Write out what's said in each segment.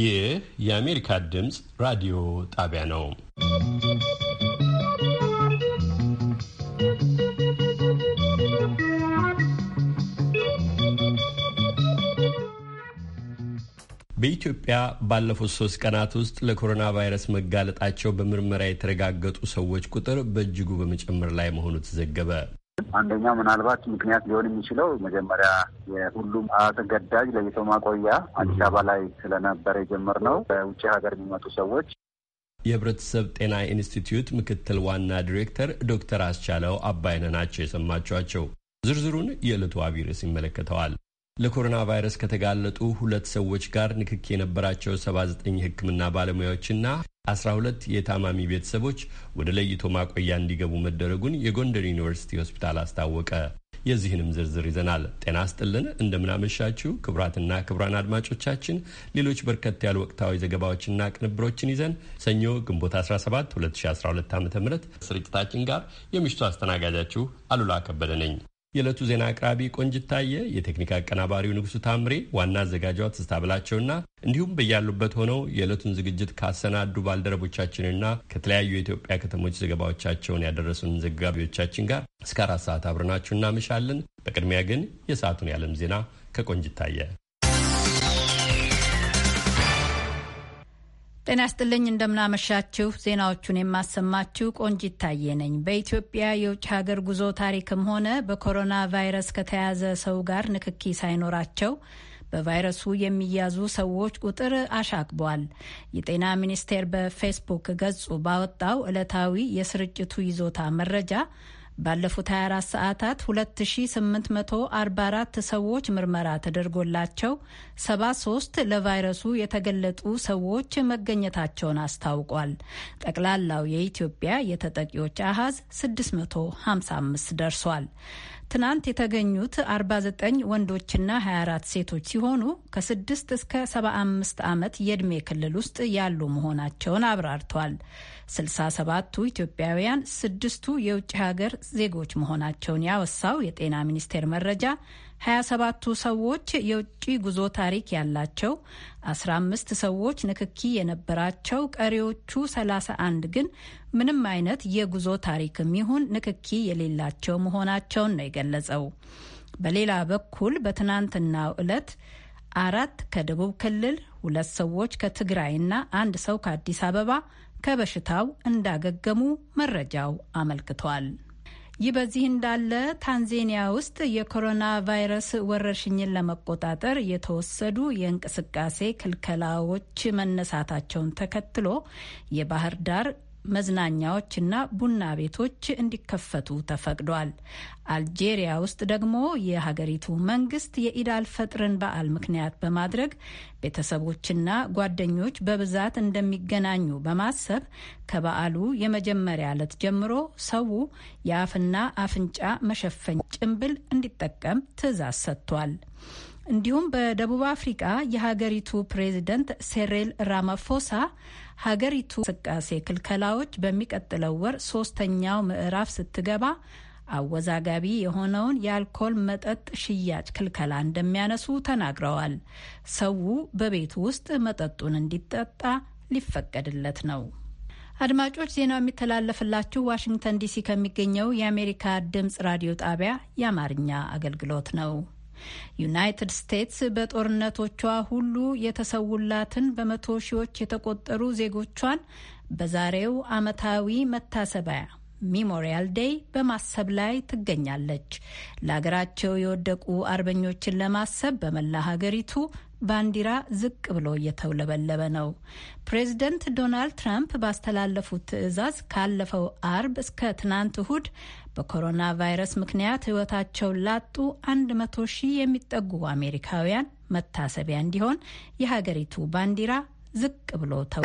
ይህ የአሜሪካ ድምፅ ራዲዮ ጣቢያ ነው። በኢትዮጵያ ባለፉት ሶስት ቀናት ውስጥ ለኮሮና ቫይረስ መጋለጣቸው በምርመራ የተረጋገጡ ሰዎች ቁጥር በእጅጉ በመጨመር ላይ መሆኑ ተዘገበ። አንደኛው ምናልባት ምክንያት ሊሆን የሚችለው መጀመሪያ የሁሉም አስገዳጅ ለይቶ ማቆያ አዲስ አበባ ላይ ስለነበረ ነው። በውጭ ሀገር የሚመጡ ሰዎች የህብረተሰብ ጤና ኢንስቲትዩት ምክትል ዋና ዲሬክተር ዶክተር አስቻለው አባይነ ናቸው የሰማችኋቸው። ዝርዝሩን የዕለቱ አብይ ይመለከተዋል። ለኮሮና ቫይረስ ከተጋለጡ ሁለት ሰዎች ጋር ንክኪ የነበራቸው 79 የሕክምና ባለሙያዎችና አስራ ሁለት የታማሚ ቤተሰቦች ወደ ለይቶ ማቆያ እንዲገቡ መደረጉን የጎንደር ዩኒቨርሲቲ ሆስፒታል አስታወቀ። የዚህንም ዝርዝር ይዘናል። ጤና ስጥልን፣ እንደምናመሻችሁ ክቡራትና ክቡራን አድማጮቻችን ሌሎች በርከት ያሉ ወቅታዊ ዘገባዎችና ቅንብሮችን ይዘን ሰኞ ግንቦት 17 2012 ዓ ም ስርጭታችን ጋር የምሽቱ አስተናጋጃችሁ አሉላ ከበደ ነኝ። የዕለቱ ዜና አቅራቢ ቆንጅታየ፣ የቴክኒክ አቀናባሪው ንጉሱ ታምሬ፣ ዋና አዘጋጇ ትስታ ብላቸውና እንዲሁም በያሉበት ሆነው የዕለቱን ዝግጅት ካሰናዱ ባልደረቦቻችንና ከተለያዩ የኢትዮጵያ ከተሞች ዘገባዎቻቸውን ያደረሱን ዘጋቢዎቻችን ጋር እስከ አራት ሰዓት አብረናችሁ እናመሻለን። በቅድሚያ ግን የሰዓቱን የዓለም ዜና ከቆንጅታየ ጤና ይስጥልኝ እንደምናመሻችሁ። ዜናዎቹን የማሰማችሁ ቆንጂት ታዬ ነኝ። በኢትዮጵያ የውጭ ሀገር ጉዞ ታሪክም ሆነ በኮሮና ቫይረስ ከተያዘ ሰው ጋር ንክኪ ሳይኖራቸው በቫይረሱ የሚያዙ ሰዎች ቁጥር አሻቅቧል። የጤና ሚኒስቴር በፌስቡክ ገጹ ባወጣው ዕለታዊ የስርጭቱ ይዞታ መረጃ ባለፉት 24 ሰዓታት 2844 ሰዎች ምርመራ ተደርጎላቸው 73 ለቫይረሱ የተገለጡ ሰዎች መገኘታቸውን አስታውቋል። ጠቅላላው የኢትዮጵያ የተጠቂዎች አሃዝ 655 ደርሷል። ትናንት የተገኙት 49 ወንዶችና 24 ሴቶች ሲሆኑ ከ6 እስከ 75 ዓመት የዕድሜ ክልል ውስጥ ያሉ መሆናቸውን አብራርቷል። 67ቱ ኢትዮጵያውያን ስድስቱ የውጭ ሀገር ዜጎች መሆናቸውን ያወሳው የጤና ሚኒስቴር መረጃ 27ቱ ሰዎች የውጭ ጉዞ ታሪክ ያላቸው፣ 15 ሰዎች ንክኪ የነበራቸው፣ ቀሪዎቹ 31 ግን ምንም አይነት የጉዞ ታሪክም ይሁን ንክኪ የሌላቸው መሆናቸውን ነው የገለጸው። በሌላ በኩል በትናንትናው ዕለት አራት ከደቡብ ክልል ሁለት ሰዎች ከትግራይና አንድ ሰው ከአዲስ አበባ ከበሽታው እንዳገገሙ መረጃው አመልክቷል። ይህ በዚህ እንዳለ ታንዜኒያ ውስጥ የኮሮና ቫይረስ ወረርሽኝን ለመቆጣጠር የተወሰዱ የእንቅስቃሴ ክልከላዎች መነሳታቸውን ተከትሎ የባህር ዳር መዝናኛዎችና ቡና ቤቶች እንዲከፈቱ ተፈቅዷል። አልጄሪያ ውስጥ ደግሞ የሀገሪቱ መንግስት የኢዳል ፈጥርን በዓል ምክንያት በማድረግ ቤተሰቦችና ጓደኞች በብዛት እንደሚገናኙ በማሰብ ከበዓሉ የመጀመሪያ ዕለት ጀምሮ ሰው የአፍና አፍንጫ መሸፈኝ ጭንብል እንዲጠቀም ትዕዛዝ ሰጥቷል። እንዲሁም በደቡብ አፍሪቃ የሀገሪቱ ፕሬዚደንት ሴሬል ራማፎሳ ሀገሪቱ እንቅስቃሴ ክልከላዎች በሚቀጥለው ወር ሶስተኛው ምዕራፍ ስትገባ አወዛጋቢ የሆነውን የአልኮል መጠጥ ሽያጭ ክልከላ እንደሚያነሱ ተናግረዋል። ሰው በቤቱ ውስጥ መጠጡን እንዲጠጣ ሊፈቀድለት ነው። አድማጮች፣ ዜናው የሚተላለፍላችሁ ዋሽንግተን ዲሲ ከሚገኘው የአሜሪካ ድምጽ ራዲዮ ጣቢያ የአማርኛ አገልግሎት ነው። ዩናይትድ ስቴትስ በጦርነቶቿ ሁሉ የተሰውላትን በመቶ ሺዎች የተቆጠሩ ዜጎቿን በዛሬው ዓመታዊ መታሰቢያ ሚሞሪያል ዴይ በማሰብ ላይ ትገኛለች። ለሀገራቸው የወደቁ አርበኞችን ለማሰብ በመላ ሀገሪቱ ባንዲራ ዝቅ ብሎ እየተውለበለበ ነው። ፕሬዝደንት ዶናልድ ትራምፕ ባስተላለፉት ትዕዛዝ ካለፈው አርብ እስከ ትናንት እሁድ በኮሮና ቫይረስ ምክንያት ህይወታቸውን ላጡ አንድ መቶ ሺህ የሚጠጉ አሜሪካውያን መታሰቢያ እንዲሆን የሀገሪቱ ባንዲራ ዝቅ ብሎ ተው።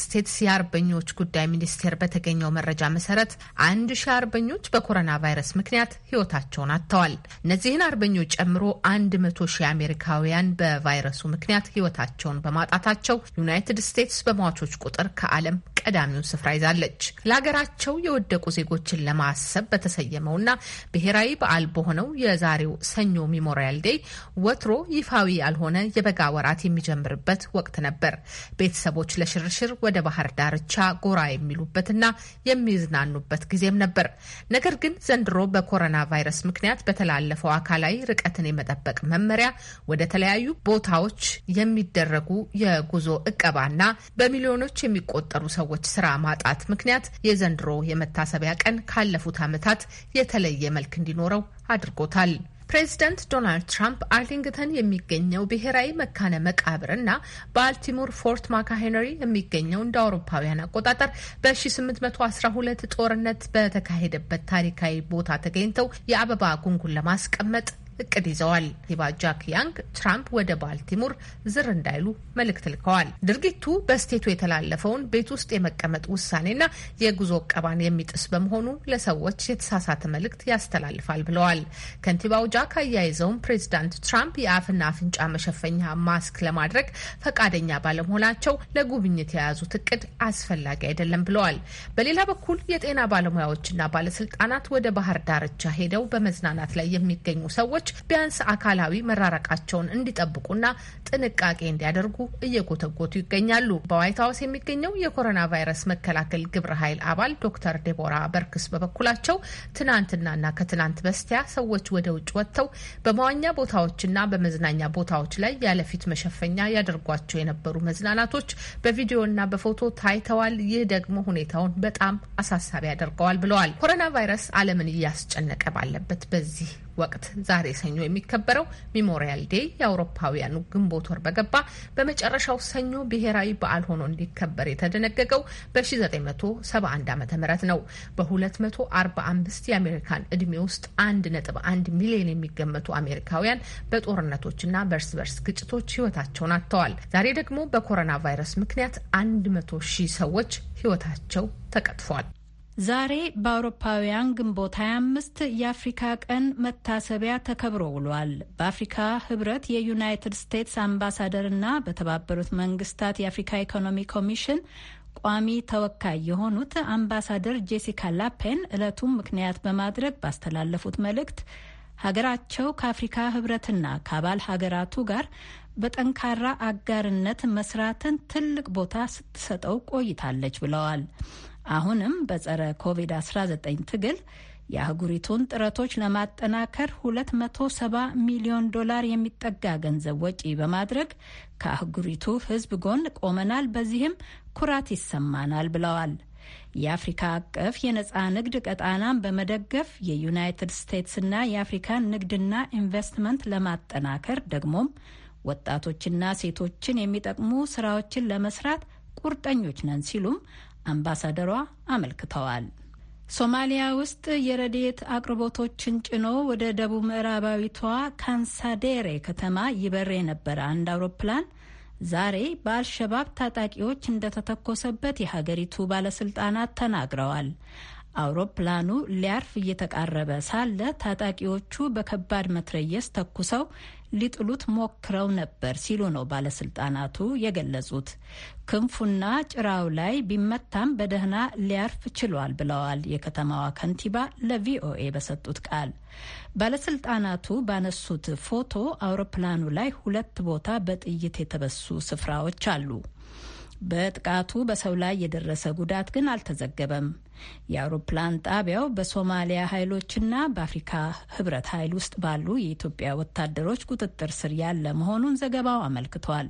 ስቴትስ የአርበኞች ጉዳይ ሚኒስቴር በተገኘው መረጃ መሰረት አንድ ሺህ አርበኞች በኮሮና ቫይረስ ምክንያት ህይወታቸውን አጥተዋል። እነዚህን አርበኞች ጨምሮ አንድ መቶ ሺህ አሜሪካውያን በቫይረሱ ምክንያት ህይወታቸውን በማጣታቸው ዩናይትድ ስቴትስ በሟቾች ቁጥር ከዓለም ቀዳሚውን ስፍራ ይዛለች። ለሀገራቸው የወደቁ ዜጎችን ለማሰብ በተሰየመውና ብሔራዊ በዓል በሆነው የዛሬው ሰኞ ሚሞሪያል ዴይ ወትሮ ይፋዊ ያልሆነ የበጋ ወራት የሚጀምርበት ወቅት ነበር። ቤተሰቦች ለሽርሽር ወደ ባህር ዳርቻ ጎራ የሚሉበትና የሚዝናኑበት ጊዜም ነበር። ነገር ግን ዘንድሮ በኮሮና ቫይረስ ምክንያት በተላለፈው አካላዊ ርቀትን የመጠበቅ መመሪያ ወደ ተለያዩ ቦታዎች የሚደረጉ የጉዞ እቀባና በሚሊዮኖች የሚቆጠሩ ሰዎች ሰዎች ስራ ማጣት ምክንያት የዘንድሮ የመታሰቢያ ቀን ካለፉት ዓመታት የተለየ መልክ እንዲኖረው አድርጎታል። ፕሬዚደንት ዶናልድ ትራምፕ አርሊንግተን የሚገኘው ብሔራዊ መካነ መቃብር እና ባልቲሞር ፎርት ማካሄነሪ የሚገኘው እንደ አውሮፓውያን አቆጣጠር በ1812 ጦርነት በተካሄደበት ታሪካዊ ቦታ ተገኝተው የአበባ ጉንጉን ለማስቀመጥ እቅድ ይዘዋል። ሂባ ጃክ ያንግ ትራምፕ ወደ ባልቲሞር ዝር እንዳይሉ መልእክት ልከዋል። ድርጊቱ በስቴቱ የተላለፈውን ቤት ውስጥ የመቀመጥ ውሳኔና የጉዞ ቀባን የሚጥስ በመሆኑ ለሰዎች የተሳሳተ መልእክት ያስተላልፋል ብለዋል። ከንቲባው ጃክ አያይዘውም ፕሬዚዳንት ትራምፕ የአፍና አፍንጫ መሸፈኛ ማስክ ለማድረግ ፈቃደኛ ባለመሆናቸው ለጉብኝት የያዙት እቅድ አስፈላጊ አይደለም ብለዋል። በሌላ በኩል የጤና ባለሙያዎችና ባለስልጣናት ወደ ባህር ዳርቻ ሄደው በመዝናናት ላይ የሚገኙ ሰዎች ሰዎች ቢያንስ አካላዊ መራረቃቸውን እንዲጠብቁና ጥንቃቄ እንዲያደርጉ እየጎተጎቱ ይገኛሉ። በዋይት ሀውስ የሚገኘው የኮሮና ቫይረስ መከላከል ግብረ ኃይል አባል ዶክተር ዴቦራ በርክስ በበኩላቸው ትናንትናና ከትናንት በስቲያ ሰዎች ወደ ውጭ ወጥተው በመዋኛ ቦታዎችና በመዝናኛ ቦታዎች ላይ ያለፊት መሸፈኛ ያደርጓቸው የነበሩ መዝናናቶች በቪዲዮና በፎቶ ታይተዋል። ይህ ደግሞ ሁኔታውን በጣም አሳሳቢ ያደርገዋል ብለዋል። ኮሮና ቫይረስ ዓለምን እያስጨነቀ ባለበት በዚህ ወቅት ዛሬ ሰኞ የሚከበረው ሚሞሪያል ዴይ የአውሮፓውያኑ ግንቦት ወር በገባ በመጨረሻው ሰኞ ብሔራዊ በዓል ሆኖ እንዲከበር የተደነገገው በ1971 ዓ ም ነው። በ245 የአሜሪካን ዕድሜ ውስጥ 1.1 ሚሊዮን የሚገመቱ አሜሪካውያን በጦርነቶችና በእርስ በርስ ግጭቶች ህይወታቸውን አጥተዋል። ዛሬ ደግሞ በኮሮና ቫይረስ ምክንያት 100 ሺህ ሰዎች ህይወታቸው ተቀጥፏል። ዛሬ በአውሮፓውያን ግንቦት 25 የአፍሪካ ቀን መታሰቢያ ተከብሮ ውሏል። በአፍሪካ ህብረት የዩናይትድ ስቴትስ አምባሳደርና በተባበሩት መንግስታት የአፍሪካ ኢኮኖሚ ኮሚሽን ቋሚ ተወካይ የሆኑት አምባሳደር ጄሲካ ላፔን ዕለቱን ምክንያት በማድረግ ባስተላለፉት መልእክት ሀገራቸው ከአፍሪካ ህብረትና ከአባል ሀገራቱ ጋር በጠንካራ አጋርነት መስራትን ትልቅ ቦታ ስትሰጠው ቆይታለች ብለዋል። አሁንም በጸረ ኮቪድ-19 ትግል የአህጉሪቱን ጥረቶች ለማጠናከር 270 ሚሊዮን ዶላር የሚጠጋ ገንዘብ ወጪ በማድረግ ከአህጉሪቱ ሕዝብ ጎን ቆመናል፣ በዚህም ኩራት ይሰማናል ብለዋል። የአፍሪካ አቀፍ የነፃ ንግድ ቀጣናን በመደገፍ የዩናይትድ ስቴትስና የአፍሪካን ንግድና ኢንቨስትመንት ለማጠናከር ደግሞም ወጣቶችና ሴቶችን የሚጠቅሙ ስራዎችን ለመስራት ቁርጠኞች ነን ሲሉም አምባሳደሯ አመልክተዋል። ሶማሊያ ውስጥ የረድኤት አቅርቦቶችን ጭኖ ወደ ደቡብ ምዕራባዊቷ ካንሳዴሬ ከተማ ይበር የነበረ አንድ አውሮፕላን ዛሬ በአልሸባብ ታጣቂዎች እንደተተኮሰበት የሀገሪቱ ባለስልጣናት ተናግረዋል። አውሮፕላኑ ሊያርፍ እየተቃረበ ሳለ ታጣቂዎቹ በከባድ መትረየስ ተኩሰው ሊጥሉት ሞክረው ነበር ሲሉ ነው ባለስልጣናቱ የገለጹት። ክንፉና ጭራው ላይ ቢመታም በደህና ሊያርፍ ችሏል ብለዋል የከተማዋ ከንቲባ ለቪኦኤ በሰጡት ቃል። ባለስልጣናቱ ባነሱት ፎቶ አውሮፕላኑ ላይ ሁለት ቦታ በጥይት የተበሱ ስፍራዎች አሉ። በጥቃቱ በሰው ላይ የደረሰ ጉዳት ግን አልተዘገበም። የአውሮፕላን ጣቢያው በሶማሊያ ኃይሎችና በአፍሪካ ሕብረት ኃይል ውስጥ ባሉ የኢትዮጵያ ወታደሮች ቁጥጥር ስር ያለ መሆኑን ዘገባው አመልክቷል።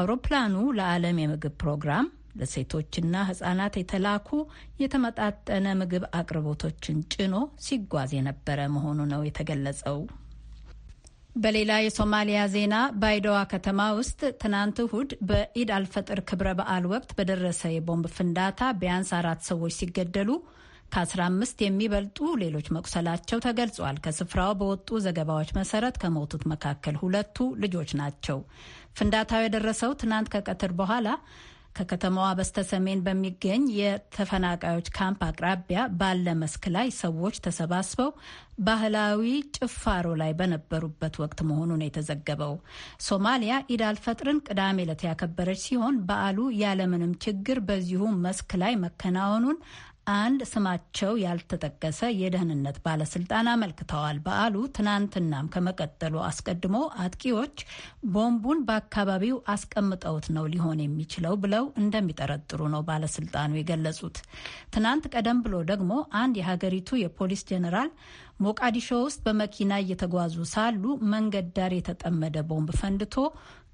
አውሮፕላኑ ለዓለም የምግብ ፕሮግራም ለሴቶችና ህጻናት የተላኩ የተመጣጠነ ምግብ አቅርቦቶችን ጭኖ ሲጓዝ የነበረ መሆኑ ነው የተገለጸው። በሌላ የሶማሊያ ዜና ባይደዋ ከተማ ውስጥ ትናንት እሁድ በኢድ አልፈጥር ክብረ በዓል ወቅት በደረሰ የቦምብ ፍንዳታ ቢያንስ አራት ሰዎች ሲገደሉ ከ15 የሚበልጡ ሌሎች መቁሰላቸው ተገልጿል። ከስፍራው በወጡ ዘገባዎች መሰረት ከሞቱት መካከል ሁለቱ ልጆች ናቸው። ፍንዳታው የደረሰው ትናንት ከቀትር በኋላ ከከተማዋ በስተሰሜን በሚገኝ የተፈናቃዮች ካምፕ አቅራቢያ ባለ መስክ ላይ ሰዎች ተሰባስበው ባህላዊ ጭፋሮ ላይ በነበሩበት ወቅት መሆኑን የተዘገበው። ሶማሊያ ኢዳል ፈጥርን ቅዳሜ ዕለት ያከበረች ሲሆን በዓሉ ያለምንም ችግር በዚሁ መስክ ላይ መከናወኑን አንድ ስማቸው ያልተጠቀሰ የደህንነት ባለስልጣን አመልክተዋል። በዓሉ ትናንትናም ከመቀጠሉ አስቀድሞ አጥቂዎች ቦምቡን በአካባቢው አስቀምጠውት ነው ሊሆን የሚችለው ብለው እንደሚጠረጥሩ ነው ባለስልጣኑ የገለጹት። ትናንት ቀደም ብሎ ደግሞ አንድ የሀገሪቱ የፖሊስ ጄኔራል ሞቃዲሾ ውስጥ በመኪና እየተጓዙ ሳሉ መንገድ ዳር የተጠመደ ቦምብ ፈንድቶ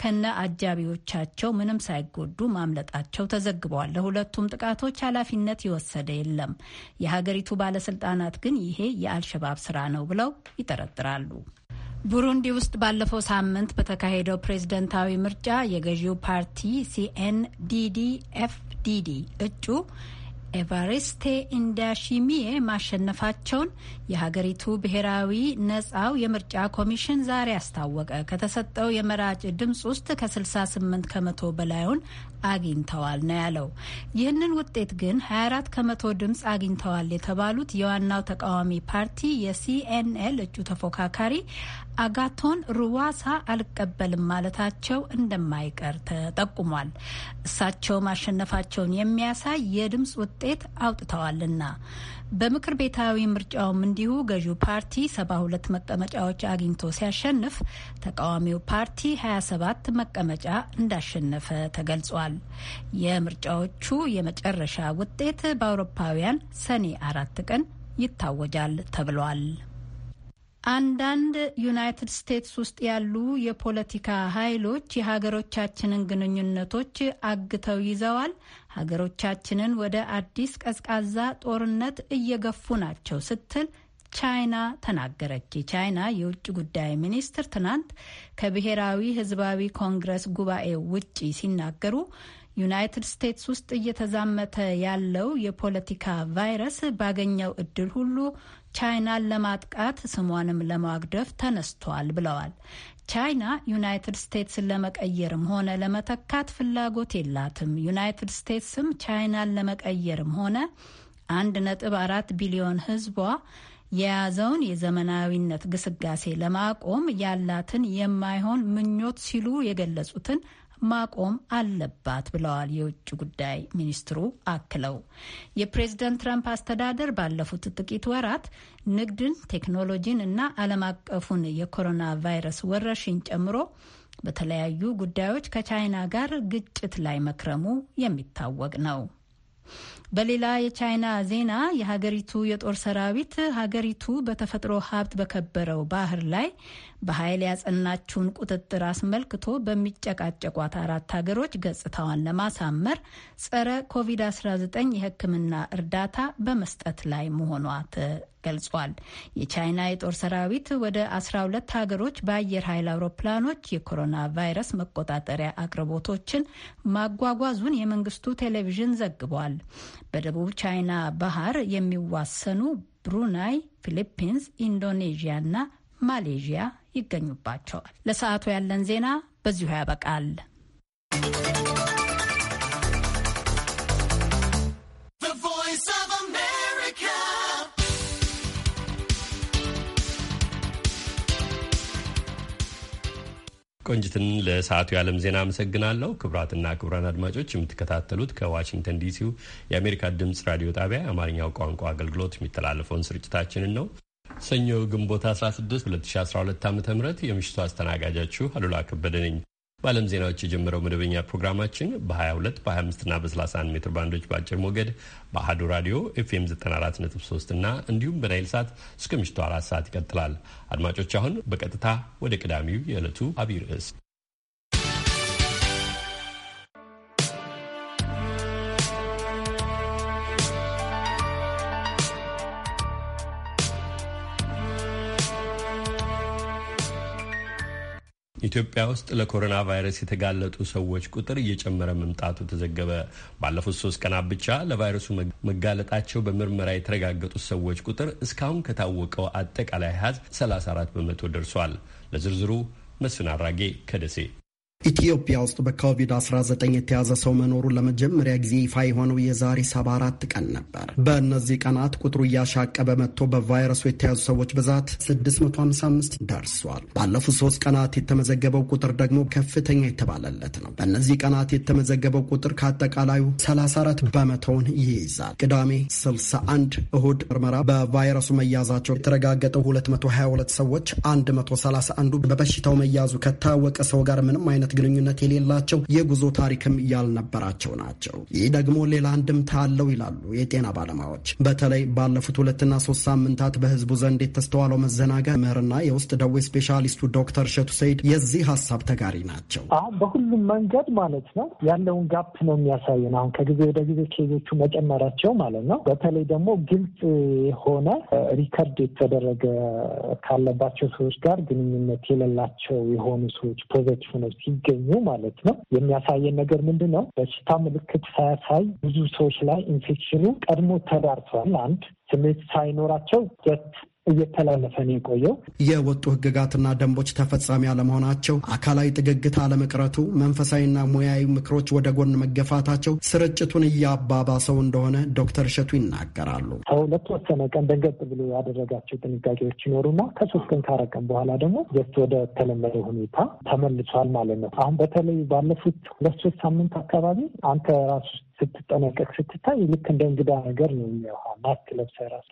ከነ አጃቢዎቻቸው ምንም ሳይጎዱ ማምለጣቸው ተዘግበዋል። ለሁለቱም ጥቃቶች ኃላፊነት የወሰደ የለም። የሀገሪቱ ባለስልጣናት ግን ይሄ የአልሸባብ ስራ ነው ብለው ይጠረጥራሉ። ቡሩንዲ ውስጥ ባለፈው ሳምንት በተካሄደው ፕሬዝደንታዊ ምርጫ የገዢው ፓርቲ ሲኤንዲዲ ኤፍዲዲ እጩ ኤቫሬስቴ ኢንዳሺሚዬ ማሸነፋቸውን የሀገሪቱ ብሔራዊ ነጻው የምርጫ ኮሚሽን ዛሬ አስታወቀ። ከተሰጠው የመራጭ ድምፅ ውስጥ ከ68 ከመቶ በላዩን አግኝተዋል ነው ያለው። ይህንን ውጤት ግን 24 ከመቶ ድምፅ አግኝተዋል የተባሉት የዋናው ተቃዋሚ ፓርቲ የሲኤንኤል እጩ ተፎካካሪ አጋቶን ሩዋሳ አልቀበልም ማለታቸው እንደማይቀር ተጠቁሟል። እሳቸው ማሸነፋቸውን የሚያሳይ የድምፅ ውጤት አውጥተዋልና በምክር ቤታዊ ምርጫውም እንዲሁ ገዢው ፓርቲ 72 መቀመጫዎች አግኝቶ ሲያሸንፍ ተቃዋሚው ፓርቲ 27 መቀመጫ እንዳሸነፈ ተገልጿል። የምርጫዎቹ የመጨረሻ ውጤት በአውሮፓውያን ሰኔ አራት ቀን ይታወጃል ተብሏል። አንዳንድ ዩናይትድ ስቴትስ ውስጥ ያሉ የፖለቲካ ኃይሎች የሀገሮቻችንን ግንኙነቶች አግተው ይዘዋል ሀገሮቻችንን ወደ አዲስ ቀዝቃዛ ጦርነት እየገፉ ናቸው ስትል ቻይና ተናገረች። የቻይና የውጭ ጉዳይ ሚኒስትር ትናንት ከብሔራዊ ህዝባዊ ኮንግረስ ጉባኤ ውጪ ሲናገሩ ዩናይትድ ስቴትስ ውስጥ እየተዛመተ ያለው የፖለቲካ ቫይረስ ባገኘው እድል ሁሉ ቻይናን ለማጥቃት ስሟንም ለማግደፍ ተነስቷል ብለዋል። ቻይና ዩናይትድ ስቴትስን ለመቀየርም ሆነ ለመተካት ፍላጎት የላትም። ዩናይትድ ስቴትስም ቻይናን ለመቀየርም ሆነ አንድ ነጥብ አራት ቢሊዮን ህዝቧ የያዘውን የዘመናዊነት ግስጋሴ ለማቆም ያላትን የማይሆን ምኞት ሲሉ የገለጹትን ማቆም አለባት ብለዋል የውጭ ጉዳይ ሚኒስትሩ አክለው። የፕሬዝደንት ትራምፕ አስተዳደር ባለፉት ጥቂት ወራት ንግድን፣ ቴክኖሎጂን እና ዓለም አቀፉን የኮሮና ቫይረስ ወረርሽኝ ጨምሮ በተለያዩ ጉዳዮች ከቻይና ጋር ግጭት ላይ መክረሙ የሚታወቅ ነው። በሌላ የቻይና ዜና የሀገሪቱ የጦር ሰራዊት ሀገሪቱ በተፈጥሮ ሀብት በከበረው ባህር ላይ በኃይል ያጸናችውን ቁጥጥር አስመልክቶ በሚጨቃጨቋት አራት ሀገሮች ገጽታዋን ለማሳመር ጸረ ኮቪድ-19 የሕክምና እርዳታ በመስጠት ላይ መሆኗ ተገልጿል። የቻይና የጦር ሰራዊት ወደ 12 ሀገሮች በአየር ኃይል አውሮፕላኖች የኮሮና ቫይረስ መቆጣጠሪያ አቅርቦቶችን ማጓጓዙን የመንግስቱ ቴሌቪዥን ዘግቧል። በደቡብ ቻይና ባህር የሚዋሰኑ ብሩናይ፣ ፊሊፒንስ፣ ኢንዶኔዥያ ማሌዥያ ይገኙባቸዋል። ለሰዓቱ ያለን ዜና በዚሁ ያበቃል። ቆንጅትን ለሰዓቱ የዓለም ዜና አመሰግናለሁ። ክቡራትና ክቡራን አድማጮች የምትከታተሉት ከዋሽንግተን ዲሲው የአሜሪካ ድምፅ ራዲዮ ጣቢያ የአማርኛው ቋንቋ አገልግሎት የሚተላለፈውን ስርጭታችንን ነው። ሰኞ ግንቦት 16 2012 ዓ ም የምሽቱ አስተናጋጃችሁ አሉላ ከበደ ነኝ። በዓለም ዜናዎች የጀመረው መደበኛ ፕሮግራማችን በ22 በ25ና በ31 ሜትር ባንዶች በአጭር ሞገድ በአሀዱ ራዲዮ ኤፍኤም 943 እና እንዲሁም በናይል ሰዓት እስከ ምሽቱ አራት ሰዓት ይቀጥላል። አድማጮች አሁን በቀጥታ ወደ ቅዳሚው የዕለቱ አብይ ርዕስ ኢትዮጵያ ውስጥ ለኮሮና ቫይረስ የተጋለጡ ሰዎች ቁጥር እየጨመረ መምጣቱ ተዘገበ። ባለፉት ሶስት ቀናት ብቻ ለቫይረሱ መጋለጣቸው በምርመራ የተረጋገጡት ሰዎች ቁጥር እስካሁን ከታወቀው አጠቃላይ ሀዝ 34 በመቶ ደርሷል። ለዝርዝሩ መስፍን አራጌ ከደሴ ኢትዮጵያ ውስጥ በኮቪድ-19 የተያዘ ሰው መኖሩ ለመጀመሪያ ጊዜ ይፋ የሆነው የዛሬ 74 ቀን ነበር። በእነዚህ ቀናት ቁጥሩ እያሻቀበ መጥቶ በቫይረሱ የተያዙ ሰዎች ብዛት 655 ደርሷል። ባለፉት ሶስት ቀናት የተመዘገበው ቁጥር ደግሞ ከፍተኛ የተባለለት ነው። በእነዚህ ቀናት የተመዘገበው ቁጥር ከአጠቃላዩ 34 በመቶውን ይይዛል። ቅዳሜ 61፣ እሁድ ምርመራ በቫይረሱ መያዛቸው የተረጋገጠው 222 ሰዎች፣ 131ዱ በበሽታው መያዙ ከታወቀ ሰው ጋር ምንም አይነት አይነት ግንኙነት የሌላቸው የጉዞ ታሪክም ያልነበራቸው ናቸው። ይህ ደግሞ ሌላ አንድምታ አለው ይላሉ የጤና ባለሙያዎች። በተለይ ባለፉት ሁለትና ሶስት ሳምንታት በህዝቡ ዘንድ የተስተዋለው መዘናጋ ምህርና የውስጥ ደዌ ስፔሻሊስቱ ዶክተር ሸቱ ሰይድ የዚህ ሀሳብ ተጋሪ ናቸው። አሁን በሁሉም መንገድ ማለት ነው ያለውን ጋፕ ነው የሚያሳየን። አሁን ከጊዜ ወደ ጊዜ ኬዞቹ መጨመራቸው ማለት ነው። በተለይ ደግሞ ግልጽ የሆነ ሪከርድ የተደረገ ካለባቸው ሰዎች ጋር ግንኙነት የሌላቸው የሆኑ ሰዎች ፖዘቲቭ ነው ሲገኙ ማለት ነው የሚያሳየን ነገር ምንድን ነው? በሽታ ምልክት ሳያሳይ ብዙ ሰዎች ላይ ኢንፌክሽኑ ቀድሞ ተዳርሷል። አንድ ስሜት ሳይኖራቸው ጀት እየተላለፈ ነው የቆየው። የወጡ ህግጋትና ደንቦች ተፈጻሚ አለመሆናቸው፣ አካላዊ ጥግግት አለመቅረቱ፣ መንፈሳዊና ሙያዊ ምክሮች ወደ ጎን መገፋታቸው ስርጭቱን እያባባሰው እንደሆነ ዶክተር እሸቱ ይናገራሉ። ሰው ለተወሰነ ቀን ደንገጥ ብሎ ያደረጋቸው ጥንቃቄዎች ይኖሩና ከሶስት ቀን ካረቀን በኋላ ደግሞ ጀስት ወደ ተለመደ ሁኔታ ተመልሷል ማለት ነው። አሁን በተለይ ባለፉት ሁለት ሶስት ሳምንት አካባቢ አንተ ራሱ ስትጠነቀቅ ስትታይ ልክ እንደ እንግዳ ነገር ነው የሚያው ማስክ ለብሰ ራስ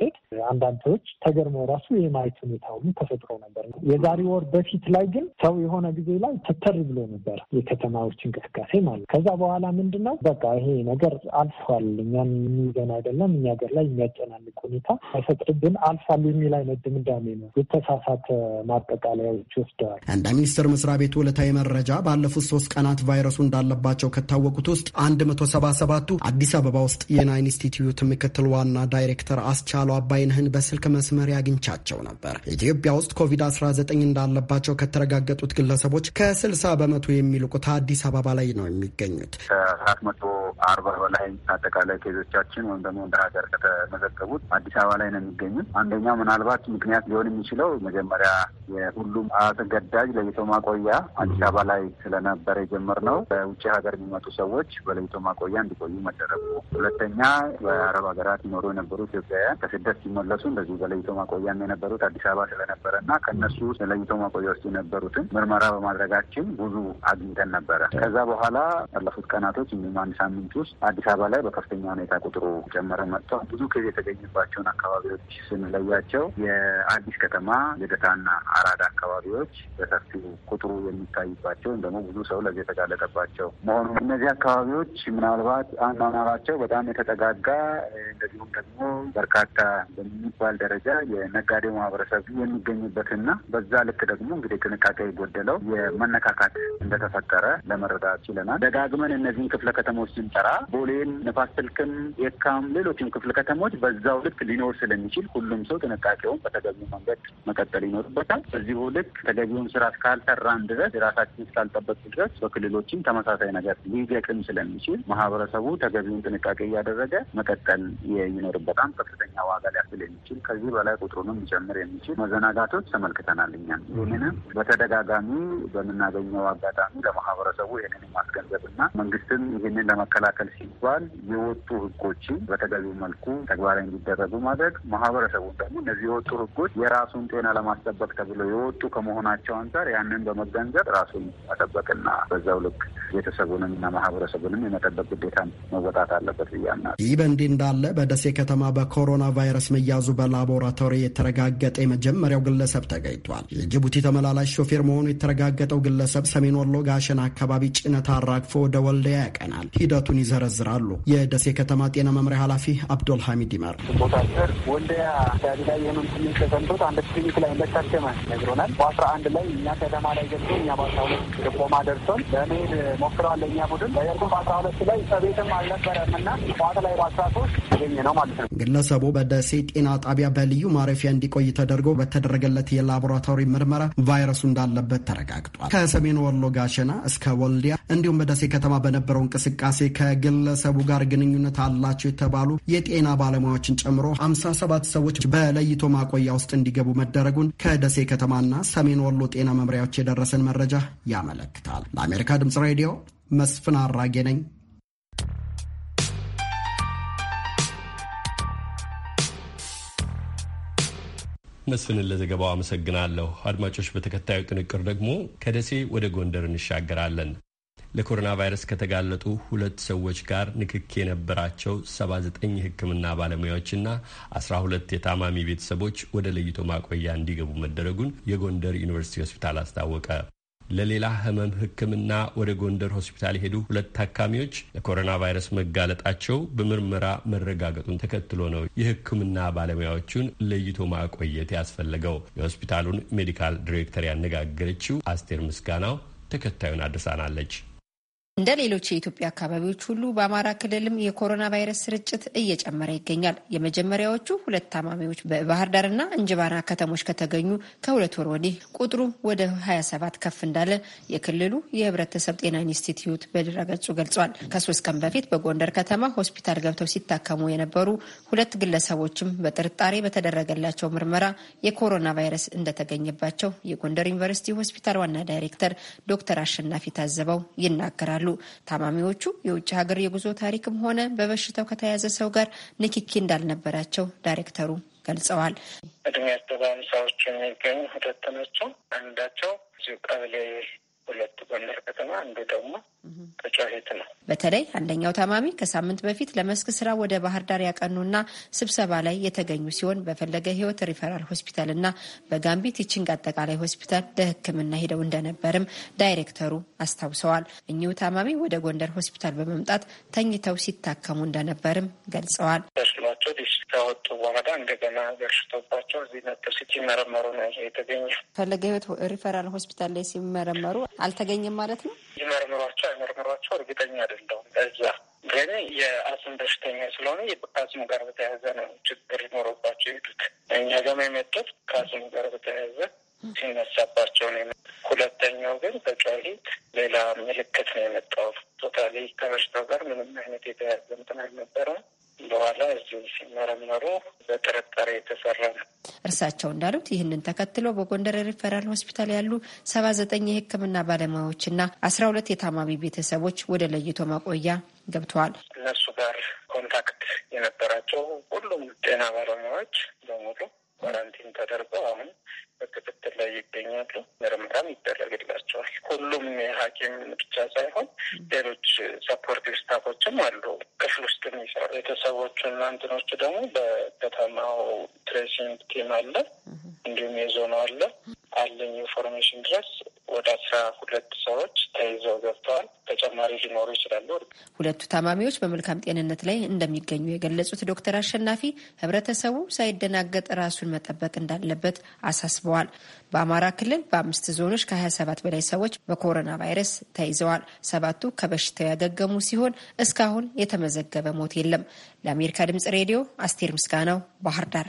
አንዳንድ ሰዎች ተገርመው ራሱ የማየት ሁኔታ ሁሉ ተፈጥሮ ነበር። የዛሬ ወር በፊት ላይ ግን ሰው የሆነ ጊዜ ላይ ትተር ብሎ ነበር የከተማዎች እንቅስቃሴ ማለት። ከዛ በኋላ ምንድን ነው በቃ ይሄ ነገር አልፏል፣ እኛን የሚዘን አይደለም፣ እኛ ሀገር ላይ የሚያጨናንቅ ሁኔታ አይፈጥርብን፣ አልፏል የሚል አይነት ድምዳሜ ነው የተሳሳተ ማጠቃለያዎች ወስደዋል። እንደ ሚኒስቴር መስሪያ ቤቱ ዕለታዊ መረጃ ባለፉት ሶስት ቀናት ቫይረሱ እንዳለባቸው ከታወቁት ውስጥ አንድ መቶ ሰባ 2017 አዲስ አበባ ውስጥ የናይን ኢንስቲትዩት ምክትል ዋና ዳይሬክተር አስቻሉ አባይነህን በስልክ መስመር ያግኝቻቸው ነበር። ኢትዮጵያ ውስጥ ኮቪድ-19 እንዳለባቸው ከተረጋገጡት ግለሰቦች ከ60 በመቶ የሚልቁት አዲስ አበባ ላይ ነው የሚገኙት። ከአራት መቶ አርባ በላይ አጠቃላይ ኬዞቻችን ወይም ደግሞ እንደ ሀገር ከተመዘገቡት አዲስ አበባ ላይ ነው የሚገኙት። አንደኛው ምናልባት ምክንያት ሊሆን የሚችለው መጀመሪያ የሁሉም አስገዳጅ ለይቶ ማቆያ አዲስ አበባ ላይ ስለነበረ የጀመርነው በውጭ ሀገር የሚመጡ ሰዎች በለይቶ ማቆያ እንዲቆዩ መደረጉ፣ ሁለተኛ በአረብ ሀገራት ይኖሩ የነበሩ ኢትዮጵያውያን ከስደት ሲመለሱ እንደዚሁ በለይቶ ማቆያ የነበሩት አዲስ አበባ ስለነበረ እና ከእነሱ ለይቶ ማቆያ ውስጥ የነበሩትን ምርመራ በማድረጋችን ብዙ አግኝተን ነበረ። ከዛ በኋላ ያለፉት ቀናቶች እንዲሁም አንድ ሳምንት ውስጥ አዲስ አበባ ላይ በከፍተኛ ሁኔታ ቁጥሩ ጨመረ መጥቷል። ብዙ ኬዝ የተገኘባቸውን አካባቢዎች ስንለያቸው የአዲስ ከተማ ልደታና አራዳ አካባቢዎች በሰፊው ቁጥሩ የሚታይባቸው ወይም ደግሞ ብዙ ሰው ለዚህ የተጋለጠባቸው መሆኑ እነዚህ አካባቢዎች ምናልባት አኗኗራቸው በጣም የተጠጋጋ እንደዚሁም ደግሞ በርካታ በሚባል ደረጃ የነጋዴው ማህበረሰብ የሚገኝበትና በዛ ልክ ደግሞ እንግዲህ ጥንቃቄ የጎደለው የመነካካት እንደተፈጠረ ለመረዳት ችለናል። ደጋግመን እነዚህን ክፍለ ከተሞች ስንጠራ ሲሰራ ቦሌም፣ ነፋስ ስልክም፣ የካም፣ ሌሎችም ክፍለ ከተሞች በዛው ልክ ሊኖር ስለሚችል ሁሉም ሰው ጥንቃቄውን በተገቢው መንገድ መቀጠል ይኖርበታል። በዚሁ ልክ ተገቢውን ስራ እስካልሰራን ድረስ የራሳችን እስካልጠበቅ ድረስ በክልሎችም ተመሳሳይ ነገር ሊገጥም ስለሚችል ማህበረሰቡ ተገቢውን ጥንቃቄ እያደረገ መቀጠል በጣም ከፍተኛ ዋጋ ሊያስል የሚችል ከዚህ በላይ ቁጥሩንም ሊጨምር የሚችል መዘናጋቶች ተመልክተናል። እኛም ይህንንም በተደጋጋሚ በምናገኘው አጋጣሚ ለማህበረሰቡ ይህንን ማስገንዘብ እና መንግስትም ይህንን ለመከላከል ለመከላከል ሲባል የወጡ ህጎችን በተገቢው መልኩ ተግባራዊ እንዲደረጉ ማድረግ፣ ማህበረሰቡን ደግሞ እነዚህ የወጡ ህጎች የራሱን ጤና ለማስጠበቅ ተብሎ የወጡ ከመሆናቸው አንጻር ያንን በመገንዘብ ራሱን መጠበቅና በዛው ልክ ቤተሰቡንም እና ማህበረሰቡንም የመጠበቅ ግዴታ መወጣት አለበት ብያና ይህ በእንዲህ እንዳለ በደሴ ከተማ በኮሮና ቫይረስ መያዙ በላቦራቶሪ የተረጋገጠ የመጀመሪያው ግለሰብ ተገኝቷል። የጅቡቲ ተመላላሽ ሾፌር መሆኑ የተረጋገጠው ግለሰብ ሰሜን ወሎ ጋሸን አካባቢ ጭነት አራግፎ ወደ ወልዳ ያቀናል። ሂደቱን ይዘረዝራሉ። የደሴ ከተማ ጤና መምሪያ ኃላፊ አብዶል ሐሚድ ይመር ቦታር ወልዲያ ላይ የህመም ስሜት ተሰምቶት አንድ ክሊኒክ ላይ እንደታከመ ነግሮናል። በአስራ አንድ ላይ እኛ ከተማ ላይ ገብቶ እኛ በአስራ ሁለት ደርሶን ለመሄድ ሞክረዋል ቡድን። በአስራ ሁለት ላይ አልነበረም እና ጠዋት ላይ በአስራ ሶስት ነው ማለት ነው። ግለሰቡ በደሴ ጤና ጣቢያ በልዩ ማረፊያ እንዲቆይ ተደርጎ በተደረገለት የላቦራቶሪ ምርመራ ቫይረሱ እንዳለበት ተረጋግጧል። ከሰሜን ወሎ ጋሸና እስከ ወልዲያ እንዲሁም በደሴ ከተማ በነበረው እንቅስቃሴ ከ ከግለሰቡ ጋር ግንኙነት አላቸው የተባሉ የጤና ባለሙያዎችን ጨምሮ 57 ሰዎች በለይቶ ማቆያ ውስጥ እንዲገቡ መደረጉን ከደሴ ከተማና ሰሜን ወሎ ጤና መምሪያዎች የደረሰን መረጃ ያመለክታል። ለአሜሪካ ድምጽ ሬዲዮ መስፍን አራጌ ነኝ። መስፍንን ለዘገባው አመሰግናለሁ። አድማጮች፣ በተከታዩ ጥንቅር ደግሞ ከደሴ ወደ ጎንደር እንሻገራለን። ለኮሮና ቫይረስ ከተጋለጡ ሁለት ሰዎች ጋር ንክክ የነበራቸው 79 ባለሙያዎች ባለሙያዎችና 12 የታማሚ ቤተሰቦች ወደ ለይቶ ማቆያ እንዲገቡ መደረጉን የጎንደር ዩኒቨርሲቲ ሆስፒታል አስታወቀ። ለሌላ ህመም ህክምና ወደ ጎንደር ሆስፒታል የሄዱ ሁለት ታካሚዎች ለኮሮና ቫይረስ መጋለጣቸው በምርመራ መረጋገጡን ተከትሎ ነው የህክምና ባለሙያዎቹን ለይቶ ማቆየት ያስፈለገው። የሆስፒታሉን ሜዲካል ዲሬክተር ያነጋገረችው አስቴር ምስጋናው ተከታዩን አድርሳናለች። እንደ ሌሎች የኢትዮጵያ አካባቢዎች ሁሉ በአማራ ክልልም የኮሮና ቫይረስ ስርጭት እየጨመረ ይገኛል። የመጀመሪያዎቹ ሁለት ታማሚዎች በባህር ዳርና እንጅባራ ከተሞች ከተገኙ ከሁለት ወር ወዲህ ቁጥሩ ወደ 27 ከፍ እንዳለ የክልሉ የሕብረተሰብ ጤና ኢንስቲትዩት በድረገጹ ገልጿል። ከሶስት ቀን በፊት በጎንደር ከተማ ሆስፒታል ገብተው ሲታከሙ የነበሩ ሁለት ግለሰቦችም በጥርጣሬ በተደረገላቸው ምርመራ የኮሮና ቫይረስ እንደተገኘባቸው የጎንደር ዩኒቨርሲቲ ሆስፒታል ዋና ዳይሬክተር ዶክተር አሸናፊ ታዘበው ይናገራሉ። ይገኛሉ። ታማሚዎቹ የውጭ ሀገር የጉዞ ታሪክም ሆነ በበሽታው ከተያዘ ሰው ጋር ንክኪ እንዳልነበራቸው ዳይሬክተሩ ገልጸዋል። እድሜ ያደባን ሰዎች የሚገኙ ሁለት ናቸው። አንዳቸው እዚሁ ቀበሌ ሁለቱ ከተማ፣ አንዱ ደግሞ ተጫሪት ነው። በተለይ አንደኛው ታማሚ ከሳምንት በፊት ለመስክ ስራ ወደ ባህር ዳር ያቀኑና ስብሰባ ላይ የተገኙ ሲሆን በፈለገ ህይወት ሪፈራል ሆስፒታልና በጋምቢ ቲችንግ አጠቃላይ ሆስፒታል ለህክምና ሄደው እንደነበርም ዳይሬክተሩ አስታውሰዋል። እኚሁ ታማሚ ወደ ጎንደር ሆስፒታል በመምጣት ተኝተው ሲታከሙ እንደነበርም ገልጸዋል። ከወጡ በኋላ እንደገና በርሽቶባቸው እዚህ ነጥብ ሲመረመሩ ነው የተገኘ ፈለገ ህይወት ሪፈራል ሆስፒታል ላይ ሲመረመሩ አልተገኘም ማለት ነው። ይመርምሯቸው አይመርምሯቸው እርግጠኛ አይደለሁም። እዛ ግን የአስም በሽተኛ ስለሆነ ከአስሙ ጋር በተያያዘ ነው ችግር ይኖረባቸው የሄዱት። እኛ ገማ የመጡት ከአስሙ ጋር በተያያዘ ሲነሳባቸው ነው። ሁለተኛው ግን በጨዋሂት ሌላ ምልክት ነው የመጣው። ቶታሊ ከበሽታው ጋር ምንም አይነት የተያያዘ እንትን አልነበረም። በኋላ እዚሁ ሲመረመሩ በጥርጣሬ የተሰራ ነው። እርሳቸው እንዳሉት ይህንን ተከትሎ በጎንደር ሪፈራል ሆስፒታል ያሉ ሰባ ዘጠኝ የሕክምና ባለሙያዎችና አስራ ሁለት የታማሚ ቤተሰቦች ወደ ለይቶ ማቆያ ገብተዋል። እነሱ ጋር ኮንታክት የነበራቸው ሁሉም ጤና ባለሙያዎች በሙሉ ኳራንቲን ተደርገው አሁን ክትትል ላይ ይገኛሉ። ምርምራም ይደረግላቸዋል። ሁሉም የሐኪም ብቻ ሳይሆን ሌሎች ሰፖርት ስታፎችም አሉ ክፍል ውስጥ የሚሰሩ ቤተሰቦቹ እና እንትኖቹ ደግሞ በከተማው ትሬሲንግ ቲም አለ፣ እንዲሁም የዞኑ አለ አለኝ ኢንፎርሜሽን ድረስ ወደ አስራ ሁለት ሰዎች ተይዘው ገብተዋል። ተጨማሪ ሊኖሩ ይችላሉ። ሁለቱ ታማሚዎች በመልካም ጤንነት ላይ እንደሚገኙ የገለጹት ዶክተር አሸናፊ ህብረተሰቡ ሳይደናገጥ ራሱን መጠበቅ እንዳለበት አሳስበዋል። በአማራ ክልል በአምስት ዞኖች ከ27 በላይ ሰዎች በኮሮና ቫይረስ ተይዘዋል። ሰባቱ ከበሽታው ያገገሙ ሲሆን እስካሁን የተመዘገበ ሞት የለም። ለአሜሪካ ድምጽ ሬዲዮ አስቴር ምስጋናው ባህር ዳር።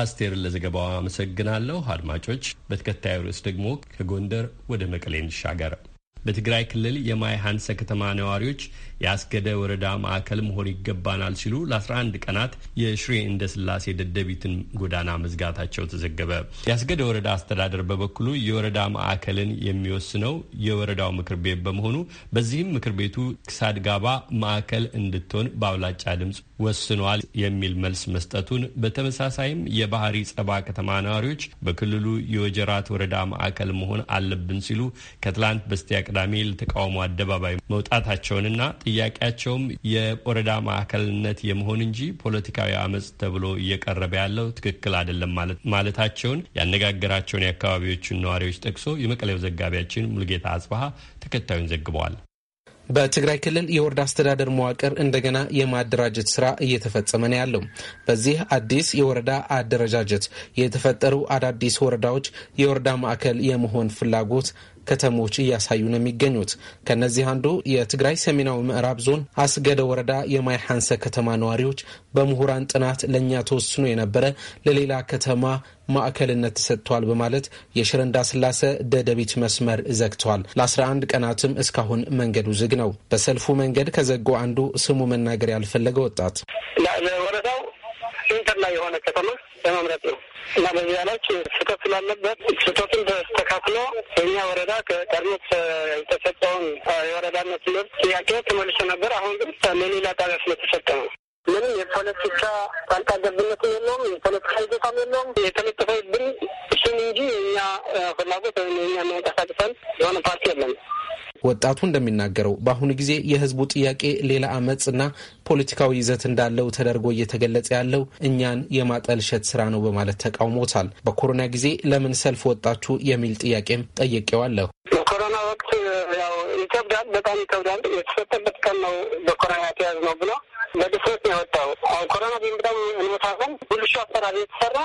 አስቴርን ለዘገባዋ አመሰግናለሁ። አድማጮች፣ በተከታዩ ርዕስ ደግሞ ከጎንደር ወደ መቀሌ እንሻገር። በትግራይ ክልል የማይ ሀንሰ ከተማ ነዋሪዎች የአስገደ ወረዳ ማዕከል መሆን ይገባናል ሲሉ ለ11 ቀናት የሽሬ እንደ ስላሴ ደደቢትን ጎዳና መዝጋታቸው ተዘገበ። የአስገደ ወረዳ አስተዳደር በበኩሉ የወረዳ ማዕከልን የሚወስነው የወረዳው ምክር ቤት በመሆኑ በዚህም ምክር ቤቱ ጋባ ማዕከል እንድትሆን በአብላጫ ድምፅ ወስኗል የሚል መልስ መስጠቱን በተመሳሳይም የባህሪ ጸባ ከተማ ነዋሪዎች በክልሉ የወጀራት ወረዳ ማዕከል መሆን አለብን ሲሉ ከትላንት በስቲያ ቅዳሜ ለተቃውሞ አደባባይ መውጣታቸውንና ጥያቄያቸውም የወረዳ ማዕከልነት የመሆን እንጂ ፖለቲካዊ አመፅ ተብሎ እየቀረበ ያለው ትክክል አይደለም ማለታቸውን ያነጋገራቸውን የአካባቢዎቹን ነዋሪዎች ጠቅሶ የመቀሌው ዘጋቢያችን ሙልጌታ አጽባሀ ተከታዩን ዘግበዋል። በትግራይ ክልል የወረዳ አስተዳደር መዋቅር እንደገና የማደራጀት ስራ እየተፈጸመ ነው ያለው። በዚህ አዲስ የወረዳ አደረጃጀት የተፈጠሩ አዳዲስ ወረዳዎች የወረዳ ማዕከል የመሆን ፍላጎት ከተሞች እያሳዩ ነው የሚገኙት። ከእነዚህ አንዱ የትግራይ ሰሜናዊ ምዕራብ ዞን አስገደ ወረዳ የማይ ሐንሰ ከተማ ነዋሪዎች በምሁራን ጥናት ለእኛ ተወስኖ የነበረ ለሌላ ከተማ ማዕከልነት ተሰጥቷል በማለት የሽረ እንዳስላሴ ደደቢት መስመር ዘግተዋል። ለ11 ቀናትም እስካሁን መንገዱ ዝግ ነው። በሰልፉ መንገድ ከዘጉ አንዱ ስሙ መናገር ያልፈለገ ወጣት ወረዳው ሴንተር ላይ የሆነ ከተማ ለመምረጥ ነው እና በዚያ ላይ ስህተት ስላለበት ስህተቱን ተስተካክሎ በእኛ ወረዳ ከቀድሞት የተሰጠውን የወረዳነት ትምህርት ጥያቄ ተመልሶ ነበር። አሁን ግን ለሌላ ጣቢያ ስለተሰጠ ነው። ምንም የፖለቲካ ጣልቃ ገብነት የለውም። የፖለቲካ ይዞታም የለውም። የተለጠፈብን እሱን እንጂ እኛ ፍላጎት ወይም እኛ የሚያንቀሳቅሰን የሆነ ፓርቲ የለም። ወጣቱ እንደሚናገረው በአሁኑ ጊዜ የህዝቡ ጥያቄ ሌላ አመፅና ፖለቲካዊ ይዘት እንዳለው ተደርጎ እየተገለጸ ያለው እኛን የማጠልሸት ስራ ነው በማለት ተቃውሞታል። በኮሮና ጊዜ ለምን ሰልፍ ወጣችሁ የሚል ጥያቄም ጠየቄዋለሁ። በኮሮና ወቅት ያው ይከብዳል፣ በጣም ይከብዳል። የተሰጠበት ቀን ነው በኮሮና ተያዝ ነው ብሎ በድፍረት ነው ያወጣው። ኮሮና በጣም እንመታለን ብልሹ አሰራር የተሰራ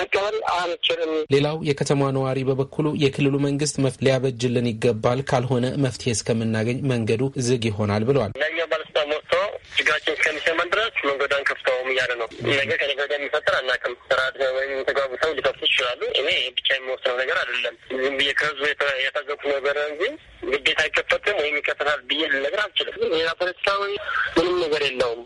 መቀበል አንችልም። ሌላው የከተማ ነዋሪ በበኩሉ የክልሉ መንግስት መፍ ሊያበጅልን ይገባል፣ ካልሆነ መፍትሄ እስከምናገኝ መንገዱ ዝግ ይሆናል ብለዋል። ለእኛ ባለስልጣን ወጥቶ ችግራችን እስከሚሰማን ድረስ መንገዷን ከፍተዋል። አልሰማሁም እያለ ነው። ነገ ከነገ ወዲያ የሚፈጠር አናውቅም። ስርዓት ወይም ተጓጉ ሰው ሊከፍቱ ይችላሉ። እኔ ብቻ የሚወስነው ነገር አይደለም። ዝም ብዬ ከህዝቡ የታዘብኩት ነገር እንጂ ግዴታ አይከፈትም ወይም ይከፈታል ብዬ ልነገር አልችልም። ሌላ ፖለቲካዊ ምንም ነገር የለውም።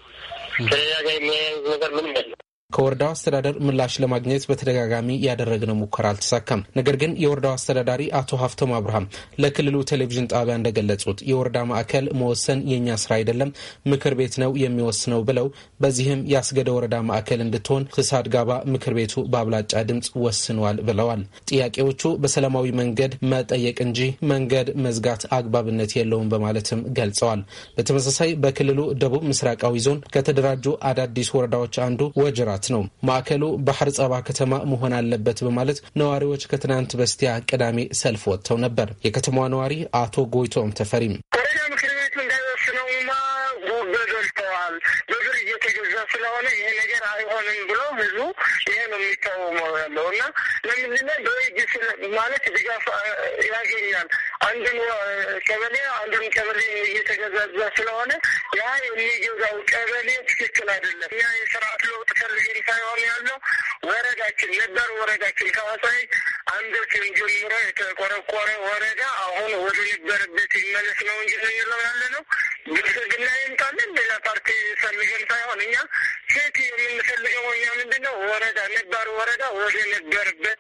ከሌላ ጋር የሚያያዝ ነገር ምንም የለም። ከወረዳው አስተዳደር ምላሽ ለማግኘት በተደጋጋሚ ያደረግነው ሙከራ አልተሳካም። ነገር ግን የወረዳው አስተዳዳሪ አቶ ሀፍቶም አብርሃም ለክልሉ ቴሌቪዥን ጣቢያ እንደገለጹት የወረዳ ማዕከል መወሰን የእኛ ስራ አይደለም፣ ምክር ቤት ነው የሚወስነው ብለው በዚህም የአስገደ ወረዳ ማዕከል እንድትሆን ክሳድ ጋባ ምክር ቤቱ በአብላጫ ድምፅ ወስኗል ብለዋል። ጥያቄዎቹ በሰላማዊ መንገድ መጠየቅ እንጂ መንገድ መዝጋት አግባብነት የለውም በማለትም ገልጸዋል። በተመሳሳይ በክልሉ ደቡብ ምስራቃዊ ዞን ከተደራጁ አዳዲስ ወረዳዎች አንዱ ወጅራ መብራት ነው። ማዕከሉ ባህር ጸባ ከተማ መሆን አለበት በማለት ነዋሪዎች ከትናንት በስቲያ ቅዳሜ ሰልፍ ወጥተው ነበር። የከተማዋ ነዋሪ አቶ ጎይቶም ተፈሪም ስለሆነ ይሄ ነገር አይሆንም ብሎ ብዙ ነው የሚቃወመው ያለው እና ለምንድን ነው ድርጅት ማለት ድጋፍ ያገኛል። አንድን ቀበሌ አንድን ቀበሌ እየተገዛዛ ስለሆነ ያ የሚገዛው ቀበሌ ትክክል አይደለም። እኛ የስርዓት ለውጥ ፈልገን ሳይሆን ያለው ወረዳችን ነበር ወረዳችን ከዋሳይ አንዶችን ጀምሮ የተቆረቆረ ወረዳ አሁን ወደ ነበረበት ይመለስ ነው እንጂ የምንለው ያለ ነው። ብልጽግና ይምጣልን ሌላ ፓርቲ ፈልገን ሳይሆን እኛ ሴት የምንፈልገው እኛ ምንድን ነው ወረዳ የሚባለው ወረዳ ወደ ነበርበት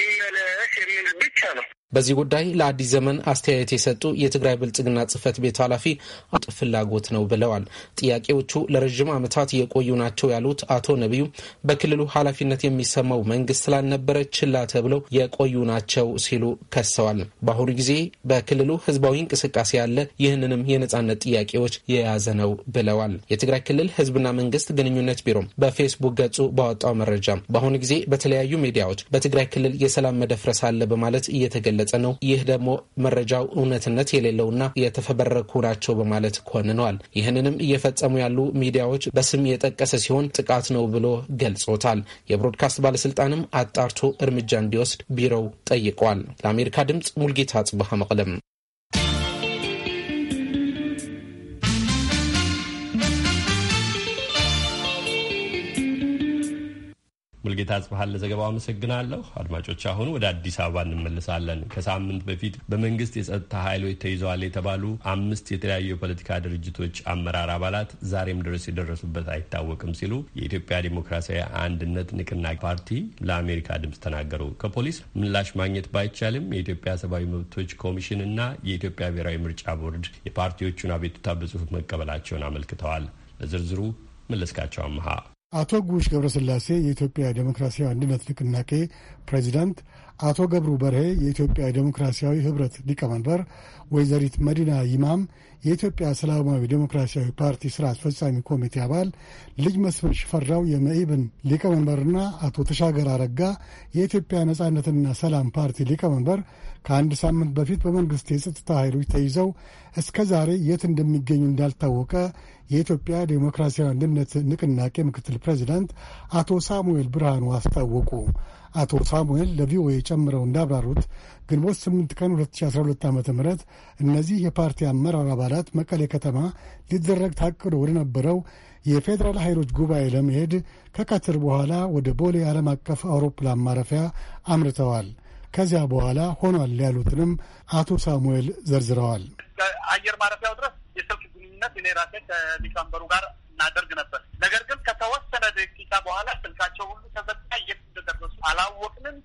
ይመለስ የሚል ብቻ ነው። በዚህ ጉዳይ ለአዲስ ዘመን አስተያየት የሰጡ የትግራይ ብልጽግና ጽህፈት ቤት ኃላፊ አጥ ፍላጎት ነው ብለዋል። ጥያቄዎቹ ለረዥም ዓመታት የቆዩ ናቸው ያሉት አቶ ነቢዩ በክልሉ ኃላፊነት የሚሰማው መንግስት ስላልነበረ ችላ ተብለው የቆዩ ናቸው ሲሉ ከሰዋል። በአሁኑ ጊዜ በክልሉ ህዝባዊ እንቅስቃሴ ያለ ይህንንም የነጻነት ጥያቄዎች የያዘ ነው ብለዋል። የትግራይ ክልል ህዝብና መንግስት ግንኙነት ቢሮ በፌስቡክ ገጹ ባወጣው መረጃ በአሁኑ ጊዜ በተለያዩ ሚዲያዎች በትግራይ ክልል የሰላም መደፍረስ አለ በማለት እየተገለ እየተገለጸ ነው። ይህ ደግሞ መረጃው እውነትነት የሌለውና የተፈበረኩ ናቸው በማለት ኮንነዋል። ይህንንም እየፈጸሙ ያሉ ሚዲያዎች በስም የጠቀሰ ሲሆን ጥቃት ነው ብሎ ገልጾታል። የብሮድካስት ባለስልጣንም አጣርቶ እርምጃ እንዲወስድ ቢሮው ጠይቋል። ለአሜሪካ ድምፅ ሙልጌታ ጽብሃ መቅለም ሙልጌታ ጽብሃን ለዘገባው አመሰግናለሁ። አድማጮች አሁን ወደ አዲስ አበባ እንመልሳለን። ከሳምንት በፊት በመንግስት የጸጥታ ኃይሎች ተይዘዋል የተባሉ አምስት የተለያዩ የፖለቲካ ድርጅቶች አመራር አባላት ዛሬም ድረስ የደረሱበት አይታወቅም ሲሉ የኢትዮጵያ ዴሞክራሲያዊ አንድነት ንቅናቄ ፓርቲ ለአሜሪካ ድምፅ ተናገሩ። ከፖሊስ ምላሽ ማግኘት ባይቻልም የኢትዮጵያ ሰብአዊ መብቶች ኮሚሽን እና የኢትዮጵያ ብሔራዊ ምርጫ ቦርድ የፓርቲዎቹን አቤቱታ በጽሁፍ መቀበላቸውን አመልክተዋል። ለዝርዝሩ መለስካቸው አመሃ አቶ ጉሽ ገብረስላሴ የኢትዮጵያ ዴሞክራሲያዊ አንድነት ንቅናቄ ፕሬዚዳንት አቶ ገብሩ በርሄ የኢትዮጵያ ዴሞክራሲያዊ ህብረት ሊቀመንበር፣ ወይዘሪት መዲና ይማም የኢትዮጵያ ሰላማዊ ዴሞክራሲያዊ ፓርቲ ስራ አስፈጻሚ ኮሚቴ አባል፣ ልጅ መስፍን ሽፈራው የመኢብን ሊቀመንበርና አቶ ተሻገር አረጋ የኢትዮጵያ ነጻነትና ሰላም ፓርቲ ሊቀመንበር ከአንድ ሳምንት በፊት በመንግስት የጸጥታ ኃይሎች ተይዘው እስከ ዛሬ የት እንደሚገኙ እንዳልታወቀ የኢትዮጵያ ዴሞክራሲያዊ አንድነት ንቅናቄ ምክትል ፕሬዚዳንት አቶ ሳሙኤል ብርሃኑ አስታወቁ። አቶ ሳሙኤል ለቪኦኤ ጨምረው እንዳብራሩት ግንቦት 8 ቀን 2012 ዓ ም እነዚህ የፓርቲ አመራር አባላት መቀሌ ከተማ ሊደረግ ታቅዶ ወደ ነበረው የፌዴራል ኃይሎች ጉባኤ ለመሄድ ከቀትር በኋላ ወደ ቦሌ ዓለም አቀፍ አውሮፕላን ማረፊያ አምርተዋል። ከዚያ በኋላ ሆኗል ያሉትንም አቶ ሳሙኤል ዘርዝረዋል። ከአየር ማረፊያው ድረስ የስልክ ግንኙነት እኔ ራሴ ከሊቀመንበሩ ጋር እናደርግ ነበር። ነገር ግን ከተወሰነ ደቂቃ በኋላ ስልካቸው ሁሉ ተዘጋ። የት እንደደረሱ አላወቅንም።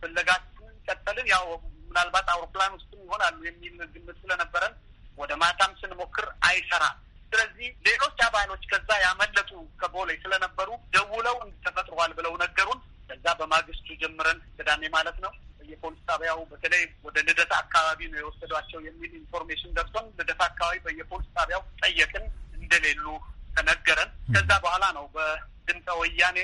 ፍለጋችንን ቀጠልን። ያው ምናልባት አውሮፕላን ውስጥም ይሆናሉ የሚል ግምት ስለነበረን ወደ ማታም ስንሞክር አይሰራ ስለዚህ ሌሎች አባሎች ከዛ ያመለጡ ከቦሌ ስለነበሩ ደውለው ተፈጥሯል ብለው ነገሩን። ከዛ በማግስቱ ጀምረን ቅዳሜ ማለት ነው የፖሊስ ጣቢያው በተለይ ወደ ልደት አካባቢ ነው የወሰዷቸው የሚል ኢንፎርሜሽን ደርሶን ልደት አካባቢ በየፖሊስ ጣቢያው ጠየቅን። እንደሌሉ ተነገረን። ከዛ በኋላ ነው በድምፀ ወያኔ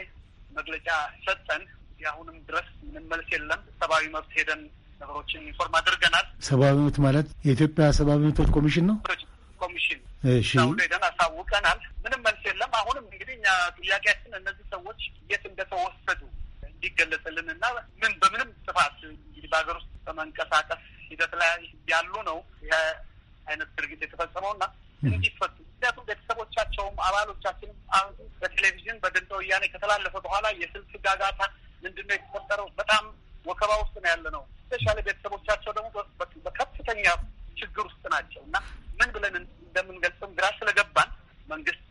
መግለጫ ሰጠን። የአሁንም ድረስ ምንም መልስ የለም። ሰብአዊ መብት ሄደን ነገሮችን ኢንፎርም አድርገናል። ሰብአዊ መብት ማለት የኢትዮጵያ ሰብአዊ መብቶች ኮሚሽን ነው ኮሚሽን ሄደን አሳውቀናል። ምንም መልስ የለም። አሁንም እንግዲህ እኛ ጥያቄያችን እነዚህ ሰዎች የት እንደተወሰዱ እንዲገለጽልን እና ምን በምንም ጥፋት እንግዲህ በሀገር ውስጥ በመንቀሳቀስ ሂደት ላይ ያሉ ነው ይህ አይነት ድርጊት የተፈጸመው እና እንዲፈቱ ምክንያቱም ቤተሰቦቻቸውም አባሎቻችንም አንዱ በቴሌቪዥን በድምፀ ወያኔ ከተላለፈ በኋላ የስልክ ጋጋታ ምንድነው የተፈጠረው? በጣም ወከባ ውስጥ ነው ያለ ነው። ስፔሻሊ ቤተሰቦቻቸው ደግሞ በከፍተኛ ችግር ውስጥ ናቸው እና ምን ብለን እንደምንገልጽም ግራ ስለገባን መንግስት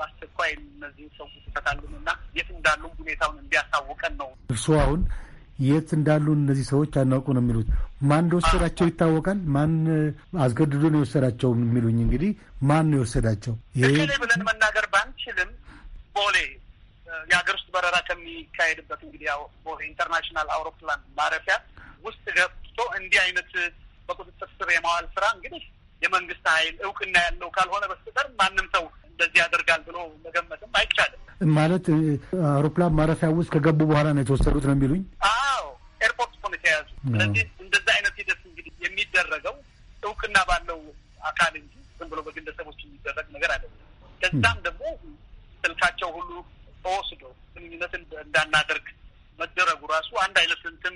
በአስቸኳይ እነዚህ ሰው ይፈታሉን እና የት እንዳሉ ሁኔታውን እንዲያሳውቀን ነው። እርሱ አሁን የት እንዳሉ እነዚህ ሰዎች አናውቁ ነው የሚሉት። ማን እንደወሰዳቸው ይታወቃል። ማን አስገድዶ ነው የወሰዳቸው የሚሉኝ እንግዲህ ማን ነው የወሰዳቸው ይህ ብለን መናገር ባንችልም ቦሌ የሀገር ውስጥ በረራ ከሚካሄድበት እንግዲህ ያው ኢንተርናሽናል አውሮፕላን ማረፊያ ውስጥ ገብቶ እንዲህ አይነት በቁጥጥር ስር የማዋል ስራ እንግዲህ የመንግስት ኃይል እውቅና ያለው ካልሆነ በስተቀር ማንም ሰው እንደዚህ ያደርጋል ብሎ መገመትም አይቻልም። ማለት አውሮፕላን ማረፊያ ውስጥ ከገቡ በኋላ ነው የተወሰዱት ነው የሚሉኝ? አዎ ኤርፖርት ሆነ የተያዙ። ስለዚህ እንደዛ አይነት ሂደት እንግዲህ የሚደረገው እውቅና ባለው አካል እንጂ ዝም ብሎ በግለሰቦች የሚደረግ ነገር አይደለም። ከዛም ደግሞ ስልካቸው ሁሉ ተወስዶ ግንኙነት እንዳናደርግ መደረጉ ራሱ አንድ አይነት እንትን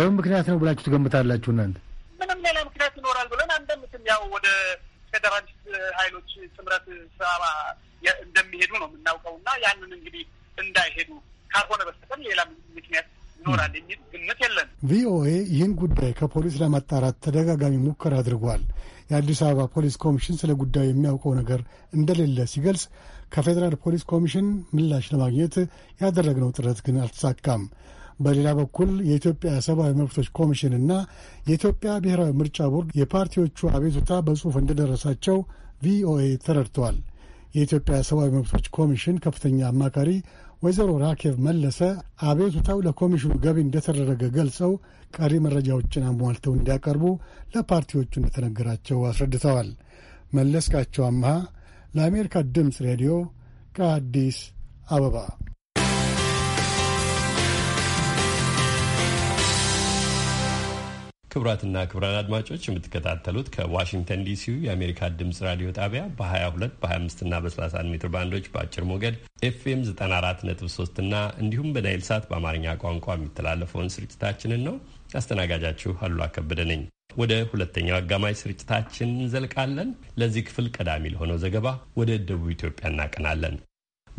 በምን ምክንያት ነው ብላችሁ ትገምታላችሁ እናንተ? ምንም ሌላ ምክንያት ይኖራል ብለን አንደምትም። ያው ወደ ፌዴራሊስት ኃይሎች ጥምረት ስብሰባ እንደሚሄዱ ነው የምናውቀው እና ያንን እንግዲህ እንዳይሄዱ ካልሆነ በስተቀር ሌላ ምክንያት ይኖራል የሚል ግምት የለን። ቪኦኤ ይህን ጉዳይ ከፖሊስ ለማጣራት ተደጋጋሚ ሙከራ አድርጓል። የአዲስ አበባ ፖሊስ ኮሚሽን ስለ ጉዳዩ የሚያውቀው ነገር እንደሌለ ሲገልጽ ከፌዴራል ፖሊስ ኮሚሽን ምላሽ ለማግኘት ያደረግነው ጥረት ግን አልተሳካም። በሌላ በኩል የኢትዮጵያ ሰብአዊ መብቶች ኮሚሽንና የኢትዮጵያ ብሔራዊ ምርጫ ቦርድ የፓርቲዎቹ አቤቱታ በጽሑፍ እንደደረሳቸው ቪኦኤ ተረድተዋል። የኢትዮጵያ ሰብአዊ መብቶች ኮሚሽን ከፍተኛ አማካሪ ወይዘሮ ራኬብ መለሰ አቤቱታው ለኮሚሽኑ ገቢ እንደተደረገ ገልጸው ቀሪ መረጃዎችን አሟልተው እንዲያቀርቡ ለፓርቲዎቹ እንደተነገራቸው አስረድተዋል። መለስካቸው አምሃ ለአሜሪካ ድምፅ ሬዲዮ ከአዲስ አበባ ክቡራትና ክቡራን አድማጮች የምትከታተሉት ከዋሽንግተን ዲሲ የአሜሪካ ድምጽ ራዲዮ ጣቢያ በ22 በ25 እና በ31 ሜትር ባንዶች በአጭር ሞገድ ኤፍኤም 94.3 እና እንዲሁም በናይል ሳት በአማርኛ ቋንቋ የሚተላለፈውን ስርጭታችንን ነው። አስተናጋጃችሁ አሉላ ከበደ ነኝ። ወደ ሁለተኛው አጋማሽ ስርጭታችን እንዘልቃለን። ለዚህ ክፍል ቀዳሚ ለሆነው ዘገባ ወደ ደቡብ ኢትዮጵያ እናቀናለን።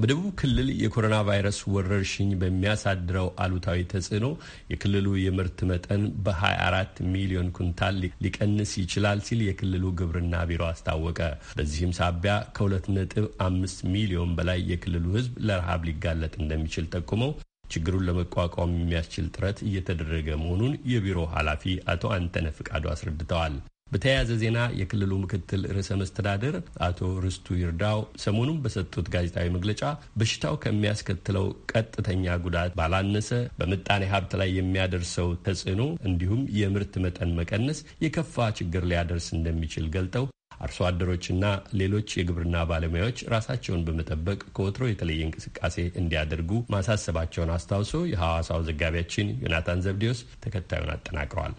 በደቡብ ክልል የኮሮና ቫይረስ ወረርሽኝ በሚያሳድረው አሉታዊ ተጽዕኖ የክልሉ የምርት መጠን በ24 ሚሊዮን ኩንታል ሊቀንስ ይችላል ሲል የክልሉ ግብርና ቢሮ አስታወቀ። በዚህም ሳቢያ ከ2.5 ሚሊዮን በላይ የክልሉ ሕዝብ ለረሃብ ሊጋለጥ እንደሚችል ጠቁመው ችግሩን ለመቋቋም የሚያስችል ጥረት እየተደረገ መሆኑን የቢሮ ኃላፊ አቶ አንተነ ፍቃዱ አስረድተዋል። በተያያዘ ዜና የክልሉ ምክትል ርዕሰ መስተዳደር አቶ ርስቱ ይርዳው ሰሞኑን በሰጡት ጋዜጣዊ መግለጫ በሽታው ከሚያስከትለው ቀጥተኛ ጉዳት ባላነሰ በምጣኔ ሀብት ላይ የሚያደርሰው ተጽዕኖ እንዲሁም የምርት መጠን መቀነስ የከፋ ችግር ሊያደርስ እንደሚችል ገልጠው አርሶ አደሮችና ሌሎች የግብርና ባለሙያዎች ራሳቸውን በመጠበቅ ከወትሮ የተለየ እንቅስቃሴ እንዲያደርጉ ማሳሰባቸውን አስታውሶ የሐዋሳው ዘጋቢያችን ዮናታን ዘብዴዎስ ተከታዩን አጠናቅረዋል።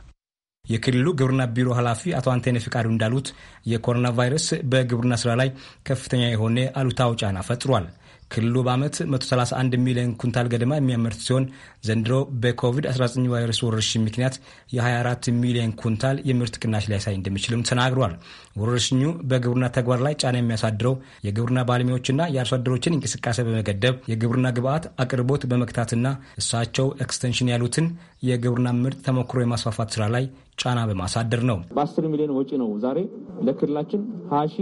የክልሉ ግብርና ቢሮ ኃላፊ አቶ አንቴነ ፍቃዱ እንዳሉት የኮሮና ቫይረስ በግብርና ስራ ላይ ከፍተኛ የሆነ አሉታዊ ጫና ፈጥሯል። ክልሉ በዓመት 131 ሚሊዮን ኩንታል ገደማ የሚያመርት ሲሆን ዘንድሮ በኮቪድ-19 ቫይረስ ወረርሽኝ ምክንያት የ24 ሚሊዮን ኩንታል የምርት ቅናሽ ሊያሳይ እንደሚችልም ተናግሯል። ወረርሽኙ በግብርና ተግባር ላይ ጫና የሚያሳድረው የግብርና ባለሙያዎችና የአርሶ አደሮችን እንቅስቃሴ በመገደብ የግብርና ግብዓት አቅርቦት በመክታትና እሳቸው ኤክስቴንሽን ያሉትን የግብርና ምርት ተሞክሮ የማስፋፋት ስራ ላይ ጫና በማሳደር ነው። በ በ10 ሚሊዮን ወጪ ነው ዛሬ ለክልላችን ሀያ ሺ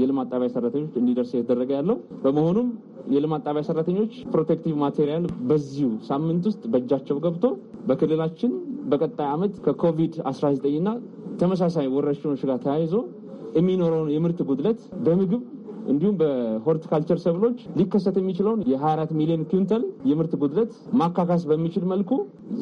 የልማት ጣቢያ ሰራተኞች እንዲደርስ የተደረገ ያለው በመሆኑም የልማት ጣቢያ ሰራተኞች ፕሮቴክቲቭ ማቴሪያል በዚሁ ሳምንት ውስጥ በእጃቸው ገብቶ በክልላችን በቀጣይ ዓመት ከኮቪድ-19 እና ተመሳሳይ ወረርሽኞች ጋር ተያይዞ የሚኖረውን የምርት ጉድለት በምግብ እንዲሁም በሆርቲካልቸር ሰብሎች ሊከሰት የሚችለውን የ24 ሚሊዮን ኩንተል የምርት ጉድለት ማካካስ በሚችል መልኩ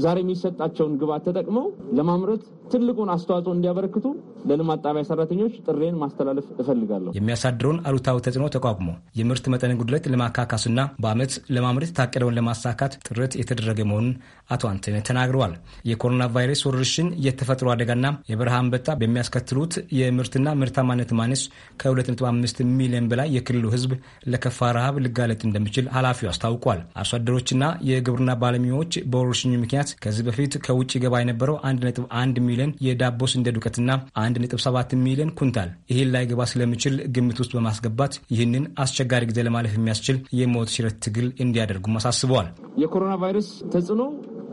ዛሬ የሚሰጣቸውን ግብዓት ተጠቅመው ለማምረት ትልቁን አስተዋጽኦ እንዲያበረክቱ ለልማት ጣቢያ ሰራተኞች ጥሬን ማስተላለፍ እፈልጋለሁ። የሚያሳድረውን አሉታዊ ተጽዕኖ ተቋቁሞ የምርት መጠን ጉድለት ለማካካስና በአመት ለማምረት የታቀደውን ለማሳካት ጥረት የተደረገ መሆኑን አቶ አንተነ ተናግረዋል። የኮሮና ቫይረስ ወረርሽኝ የተፈጥሮ አደጋና የበረሃ አንበጣ በሚያስከትሉት የምርትና ምርታማነት ማነስ ከ2.5 ሚሊዮን በላይ የክልሉ ህዝብ ለከፋ ረሃብ ሊጋለጥ እንደሚችል ኃላፊው አስታውቋል። አርሶ አደሮችና የግብርና ባለሙያዎች በወረርሽኙ ምክንያት ከዚህ በፊት ከውጭ ገባ የነበረው 1.1 ሚሊዮን የዳቦ ስንዴ ዱቄትና 1.7 ሚሊዮን ኩንታል እህል ላይ ገባ ስለሚችል ግምት ውስጥ በማስገባት ይህንን አስቸጋሪ ጊዜ ለማለፍ የሚያስችል የሞት ሽረት ትግል እንዲያደርጉም አሳስበዋል። የኮሮና ቫይረስ ተጽዕኖ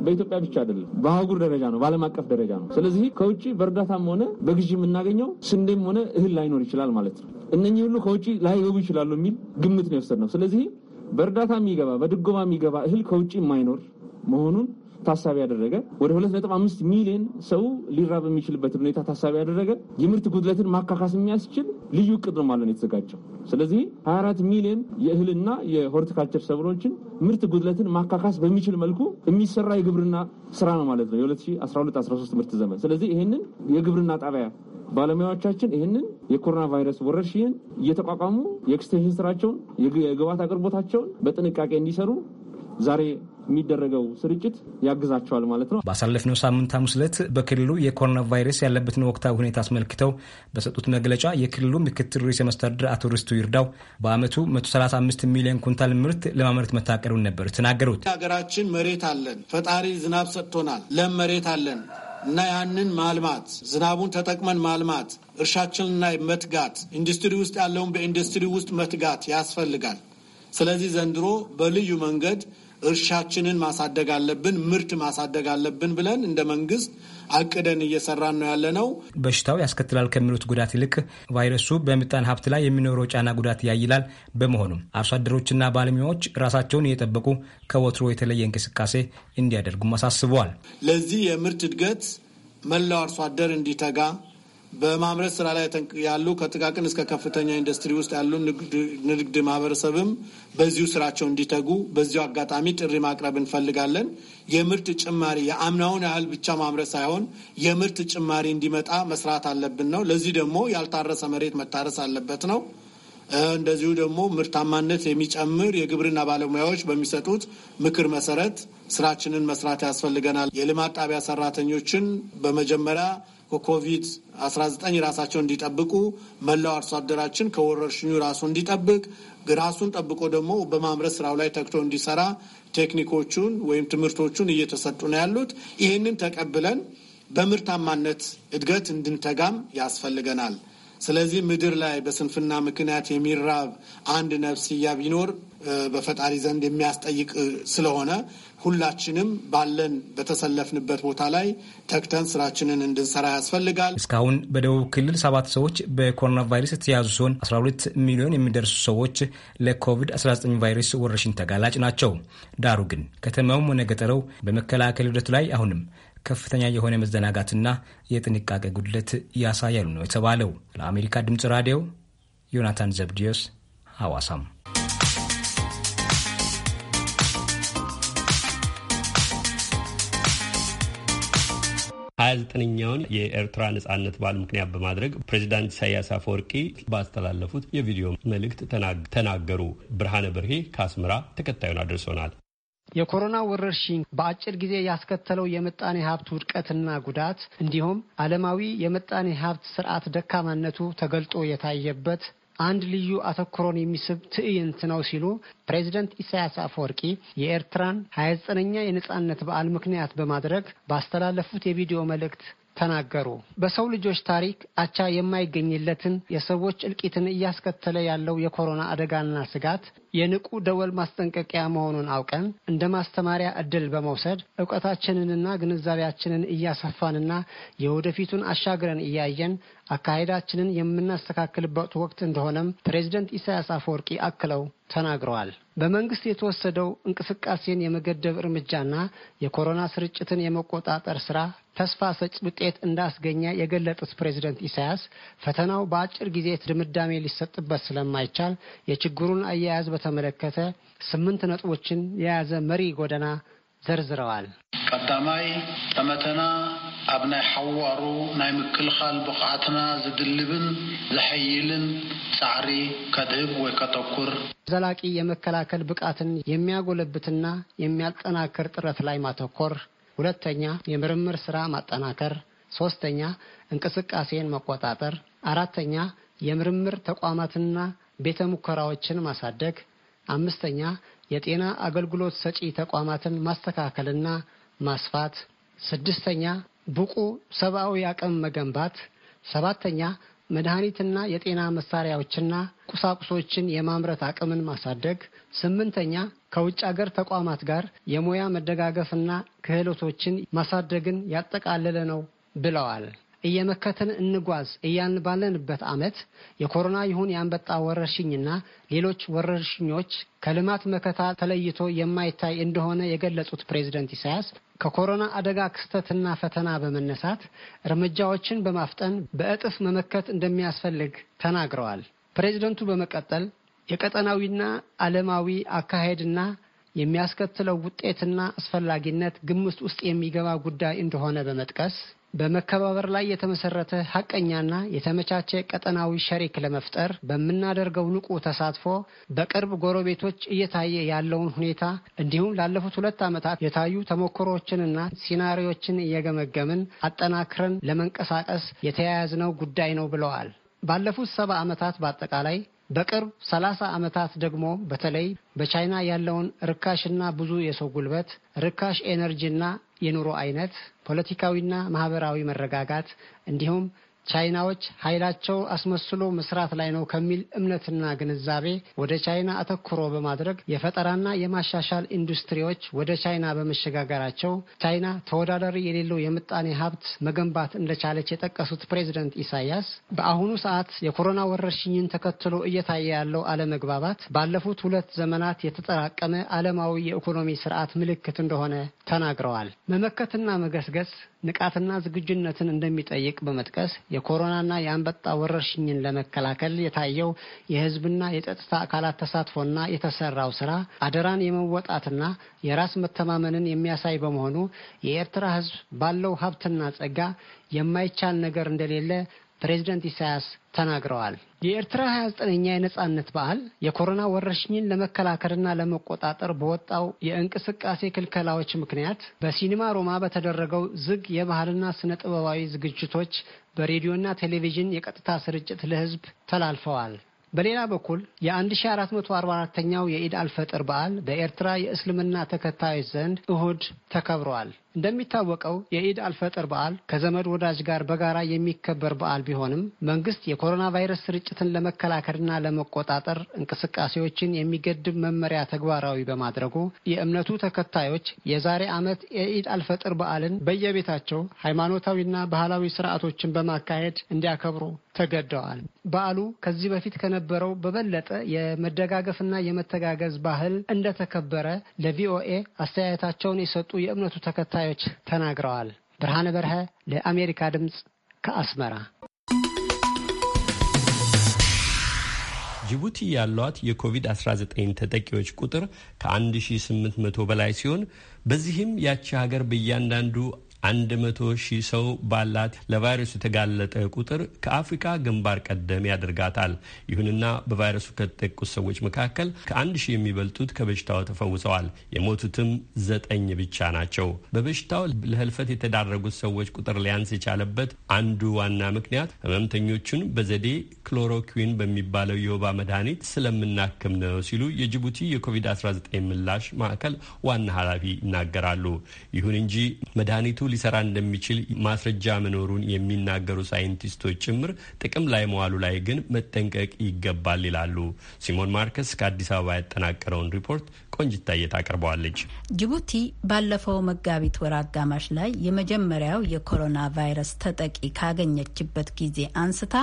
በኢትዮጵያ ብቻ አይደለም፣ በአህጉር ደረጃ ነው፣ በዓለም አቀፍ ደረጃ ነው። ስለዚህ ከውጭ በእርዳታም ሆነ በግዢ የምናገኘው ስንዴም ሆነ እህል ላይኖር ይችላል ማለት ነው። እነኚህ ሁሉ ከውጭ ላይገቡ ይችላሉ የሚል ግምት ነው የወሰድነው። ስለዚህ በእርዳታ የሚገባ በድጎማ የሚገባ እህል ከውጭ የማይኖር መሆኑን ታሳቢ ያደረገ ወደ 2.5 ሚሊዮን ሰው ሊራብ የሚችልበት ሁኔታ ታሳቢ ያደረገ የምርት ጉድለትን ማካካስ የሚያስችል ልዩ እቅድ ነው ማለት ነው የተዘጋጀው። ስለዚህ 24 ሚሊዮን የእህልና የሆርቲካልቸር ሰብሎችን ምርት ጉድለትን ማካካስ በሚችል መልኩ የሚሰራ የግብርና ስራ ነው ማለት ነው የ2012/13 ምርት ዘመን። ስለዚህ ይህንን የግብርና ጣቢያ ባለሙያዎቻችን ይህንን የኮሮና ቫይረስ ወረርሽኝን እየተቋቋሙ የኤክስቴንሽን ስራቸውን የግብዓት አቅርቦታቸውን በጥንቃቄ እንዲሰሩ ዛሬ የሚደረገው ስርጭት ያግዛቸዋል ማለት ነው። ባሳለፍነው ሳምንት ሐሙስ ዕለት በክልሉ የኮሮና ቫይረስ ያለበትን ወቅታዊ ሁኔታ አስመልክተው በሰጡት መግለጫ የክልሉ ምክትል ርዕሰ መስተዳድር አቶ ርስቱ ይርዳው በዓመቱ 135 ሚሊዮን ኩንታል ምርት ለማምረት መታቀሩን ነበር ተናገሩት። ሀገራችን መሬት አለን፣ ፈጣሪ ዝናብ ሰጥቶናል። ለም መሬት አለን እና ያንን ማልማት ዝናቡን ተጠቅመን ማልማት እርሻችንና መትጋት ኢንዱስትሪ ውስጥ ያለውን በኢንዱስትሪ ውስጥ መትጋት ያስፈልጋል። ስለዚህ ዘንድሮ በልዩ መንገድ እርሻችንን ማሳደግ አለብን፣ ምርት ማሳደግ አለብን ብለን እንደ መንግስት አቅደን እየሰራን ነው ነው። በሽታው ያስከትላል ከሚሉት ጉዳት ይልቅ ቫይረሱ በምጣን ሀብት ላይ የሚኖረው ጫና ጉዳት ያይላል። በመሆኑም አርሶ አደሮችና ባለሙያዎች ራሳቸውን እየጠበቁ ከወትሮ የተለየ እንቅስቃሴ እንዲያደርጉም አሳስበዋል። ለዚህ የምርት እድገት መላው አርሶ አደር እንዲተጋ በማምረት ስራ ላይ ያሉ ከጥቃቅን እስከ ከፍተኛ ኢንዱስትሪ ውስጥ ያሉ ንግድ ማህበረሰብም በዚሁ ስራቸው እንዲተጉ በዚሁ አጋጣሚ ጥሪ ማቅረብ እንፈልጋለን። የምርት ጭማሪ የአምናውን ያህል ብቻ ማምረት ሳይሆን የምርት ጭማሪ እንዲመጣ መስራት አለብን ነው። ለዚህ ደግሞ ያልታረሰ መሬት መታረስ አለበት ነው። እንደዚሁ ደግሞ ምርታማነት የሚጨምር የግብርና ባለሙያዎች በሚሰጡት ምክር መሰረት ስራችንን መስራት ያስፈልገናል። የልማት ጣቢያ ሰራተኞችን በመጀመሪያ ከኮቪድ 19 ራሳቸውን እንዲጠብቁ መላው አርሶ አደራችን ከወረርሽኙ ራሱ እንዲጠብቅ ራሱን ጠብቆ ደግሞ በማምረት ስራው ላይ ተግቶ እንዲሰራ ቴክኒኮቹን ወይም ትምህርቶቹን እየተሰጡ ነው ያሉት። ይህንን ተቀብለን በምርታማነት እድገት እንድንተጋም ያስፈልገናል። ስለዚህ ምድር ላይ በስንፍና ምክንያት የሚራብ አንድ ነፍስያ ቢኖር በፈጣሪ ዘንድ የሚያስጠይቅ ስለሆነ ሁላችንም ባለን በተሰለፍንበት ቦታ ላይ ተግተን ስራችንን እንድንሰራ ያስፈልጋል። እስካሁን በደቡብ ክልል ሰባት ሰዎች በኮሮና ቫይረስ የተያዙ ሲሆን 12 ሚሊዮን የሚደርሱ ሰዎች ለኮቪድ-19 ቫይረስ ወረርሽኝ ተጋላጭ ናቸው። ዳሩ ግን ከተማውም ሆነ ገጠረው በመከላከል ሂደቱ ላይ አሁንም ከፍተኛ የሆነ መዘናጋትና የጥንቃቄ ጉድለት ያሳያሉ ነው የተባለው። ለአሜሪካ ድምፅ ራዲዮ ዮናታን ዘብዲዮስ ሐዋሳም ሀያ የኤርትራ ነጻነት በዓል ምክንያት በማድረግ ፕሬዚዳንት ኢሳያስ አፈወርቂ ባስተላለፉት የቪዲዮ መልእክት ተናገሩ። ብርሃነ በርሄ ከአስመራ ተከታዩን አድርሶናል። የኮሮና ወረርሽኝ በአጭር ጊዜ ያስከተለው የምጣኔ ሀብት ውድቀትና ጉዳት እንዲሁም ዓለማዊ የምጣኔ ሀብት ስርዓት ደካማነቱ ተገልጦ የታየበት አንድ ልዩ አተኩሮን የሚስብ ትዕይንት ነው ሲሉ ፕሬዚደንት ኢሳያስ አፈወርቂ የኤርትራን ሀያ ዘጠነኛ የነጻነት በዓል ምክንያት በማድረግ ባስተላለፉት የቪዲዮ መልእክት ተናገሩ። በሰው ልጆች ታሪክ አቻ የማይገኝለትን የሰዎች እልቂትን እያስከተለ ያለው የኮሮና አደጋና ስጋት የንቁ ደወል ማስጠንቀቂያ መሆኑን አውቀን እንደ ማስተማሪያ እድል በመውሰድ እውቀታችንንና ግንዛቤያችንን እያሰፋንና የወደፊቱን አሻግረን እያየን አካሄዳችንን የምናስተካክልበት ወቅት እንደሆነም ፕሬዚደንት ኢሳያስ አፈወርቂ አክለው ተናግረዋል። በመንግስት የተወሰደው እንቅስቃሴን የመገደብ እርምጃና የኮሮና ስርጭትን የመቆጣጠር ስራ ተስፋ ሰጭ ውጤት እንዳስገኘ የገለጡት ፕሬዚደንት ኢሳያስ ፈተናው በአጭር ጊዜ ድምዳሜ ሊሰጥበት ስለማይቻል የችግሩን አያያዝ በተመለከተ ስምንት ነጥቦችን የያዘ መሪ ጎዳና ዘርዝረዋል። ቀዳማይ ጠመተና ኣብ ናይ ሓዋሩ ናይ ምክልኻል ብቕዓትና ዝድልብን ዘሐይልን ፃዕሪ ከድህብ ወይ ከተኩር ዘላቂ የመከላከል ብቃትን የሚያጎለብትና የሚያጠናክር ጥረት ላይ ማተኮር፣ ሁለተኛ የምርምር ስራ ማጠናከር፣ ሶስተኛ እንቅስቃሴን መቆጣጠር፣ አራተኛ የምርምር ተቋማትና ቤተ ሙከራዎችን ማሳደግ አምስተኛ የጤና አገልግሎት ሰጪ ተቋማትን ማስተካከልና ማስፋት፣ ስድስተኛ ብቁ ሰብአዊ አቅም መገንባት፣ ሰባተኛ መድኃኒትና የጤና መሳሪያዎችና ቁሳቁሶችን የማምረት አቅምን ማሳደግ፣ ስምንተኛ ከውጭ አገር ተቋማት ጋር የሙያ መደጋገፍና ክህሎቶችን ማሳደግን ያጠቃለለ ነው ብለዋል። እየመከትን እንጓዝ እያንባለንበት ባለንበት ዓመት የኮሮና ይሁን የአንበጣ ወረርሽኝና ሌሎች ወረርሽኞች ከልማት መከታ ተለይቶ የማይታይ እንደሆነ የገለጹት ፕሬዝደንት ኢሳያስ ከኮሮና አደጋ ክስተትና ፈተና በመነሳት እርምጃዎችን በማፍጠን በእጥፍ መመከት እንደሚያስፈልግ ተናግረዋል። ፕሬዝደንቱ በመቀጠል የቀጠናዊና ዓለማዊ አካሄድና የሚያስከትለው ውጤትና አስፈላጊነት ግምት ውስጥ የሚገባ ጉዳይ እንደሆነ በመጥቀስ በመከባበር ላይ የተመሰረተ ሀቀኛና የተመቻቸ ቀጠናዊ ሸሪክ ለመፍጠር በምናደርገው ንቁ ተሳትፎ በቅርብ ጎረቤቶች እየታየ ያለውን ሁኔታ እንዲሁም ላለፉት ሁለት ዓመታት የታዩ ተሞክሮዎችንና ሲናሪዎችን እየገመገምን አጠናክረን ለመንቀሳቀስ የተያያዝነው ጉዳይ ነው ብለዋል። ባለፉት ሰባ ዓመታት በአጠቃላይ በቅርብ ሰላሳ ዓመታት ደግሞ በተለይ በቻይና ያለውን ርካሽና ብዙ የሰው ጉልበት ርካሽ ኤነርጂና የኑሮ አይነት፣ ፖለቲካዊና ማህበራዊ መረጋጋት እንዲሁም ቻይናዎች ኃይላቸው አስመስሎ መስራት ላይ ነው ከሚል እምነትና ግንዛቤ ወደ ቻይና አተኩሮ በማድረግ የፈጠራና የማሻሻል ኢንዱስትሪዎች ወደ ቻይና በመሸጋገራቸው ቻይና ተወዳዳሪ የሌለው የምጣኔ ሀብት መገንባት እንደቻለች የጠቀሱት ፕሬዝደንት ኢሳያስ በአሁኑ ሰዓት የኮሮና ወረርሽኝን ተከትሎ እየታየ ያለው አለመግባባት ባለፉት ሁለት ዘመናት የተጠራቀመ ዓለማዊ የኢኮኖሚ ስርዓት ምልክት እንደሆነ ተናግረዋል። መመከትና መገስገስ ንቃትና ዝግጁነትን እንደሚጠይቅ በመጥቀስ የኮሮናና የአንበጣ ወረርሽኝን ለመከላከል የታየው የሕዝብና የጸጥታ አካላት ተሳትፎና የተሰራው ስራ አደራን የመወጣትና የራስ መተማመንን የሚያሳይ በመሆኑ የኤርትራ ሕዝብ ባለው ሀብትና ጸጋ የማይቻል ነገር እንደሌለ ፕሬዝደንት ኢሳያስ ተናግረዋል። የኤርትራ 29ኛ የነጻነት በዓል የኮሮና ወረርሽኝን ለመከላከልና ለመቆጣጠር በወጣው የእንቅስቃሴ ክልከላዎች ምክንያት በሲኒማ ሮማ በተደረገው ዝግ የባህልና ስነ ጥበባዊ ዝግጅቶች በሬዲዮና ቴሌቪዥን የቀጥታ ስርጭት ለሕዝብ ተላልፈዋል። በሌላ በኩል የ1444ኛው የኢድ አልፈጥር በዓል በኤርትራ የእስልምና ተከታዮች ዘንድ እሁድ ተከብሯል። እንደሚታወቀው የኢድ አልፈጥር በዓል ከዘመድ ወዳጅ ጋር በጋራ የሚከበር በዓል ቢሆንም መንግስት የኮሮና ቫይረስ ስርጭትን ለመከላከልና ለመቆጣጠር እንቅስቃሴዎችን የሚገድብ መመሪያ ተግባራዊ በማድረጉ የእምነቱ ተከታዮች የዛሬ ዓመት የኢድ አልፈጥር በዓልን በየቤታቸው ሃይማኖታዊና ባህላዊ ስርዓቶችን በማካሄድ እንዲያከብሩ ተገደዋል። በዓሉ ከዚህ በፊት ከነበረው በበለጠ የመደጋገፍና የመተጋገዝ ባህል እንደተከበረ ለቪኦኤ አስተያየታቸውን የሰጡ የእምነቱ ተከታይ ተከታዮች ተናግረዋል። ብርሃነ በርሀ ለአሜሪካ ድምፅ ከአስመራ ጅቡቲ ያሏት የኮቪድ-19 ተጠቂዎች ቁጥር ከ1800 በላይ ሲሆን በዚህም ያቺ ሀገር በእያንዳንዱ አንድ መቶ ሺህ ሰው ባላት ለቫይረሱ የተጋለጠ ቁጥር ከአፍሪካ ግንባር ቀደም ያደርጋታል። ይሁንና በቫይረሱ ከተጠቁት ሰዎች መካከል ከአንድ ሺህ የሚበልጡት ከበሽታው ተፈውሰዋል። የሞቱትም ዘጠኝ ብቻ ናቸው። በበሽታው ለህልፈት የተዳረጉት ሰዎች ቁጥር ሊያንስ የቻለበት አንዱ ዋና ምክንያት ህመምተኞቹን በዘዴ ክሎሮኩዊን በሚባለው የወባ መድኃኒት ስለምናክም ነው ሲሉ የጅቡቲ የኮቪድ-19 ምላሽ ማዕከል ዋና ኃላፊ ይናገራሉ። ይሁን እንጂ መድኃኒቱ ሊሰራ እንደሚችል ማስረጃ መኖሩን የሚናገሩ ሳይንቲስቶች ጭምር ጥቅም ላይ መዋሉ ላይ ግን መጠንቀቅ ይገባል ይላሉ። ሲሞን ማርከስ ከአዲስ አበባ ያጠናቀረውን ሪፖርት ቆንጅታዬ ታቀርበዋለች። ጅቡቲ ባለፈው መጋቢት ወር አጋማሽ ላይ የመጀመሪያው የኮሮና ቫይረስ ተጠቂ ካገኘችበት ጊዜ አንስታ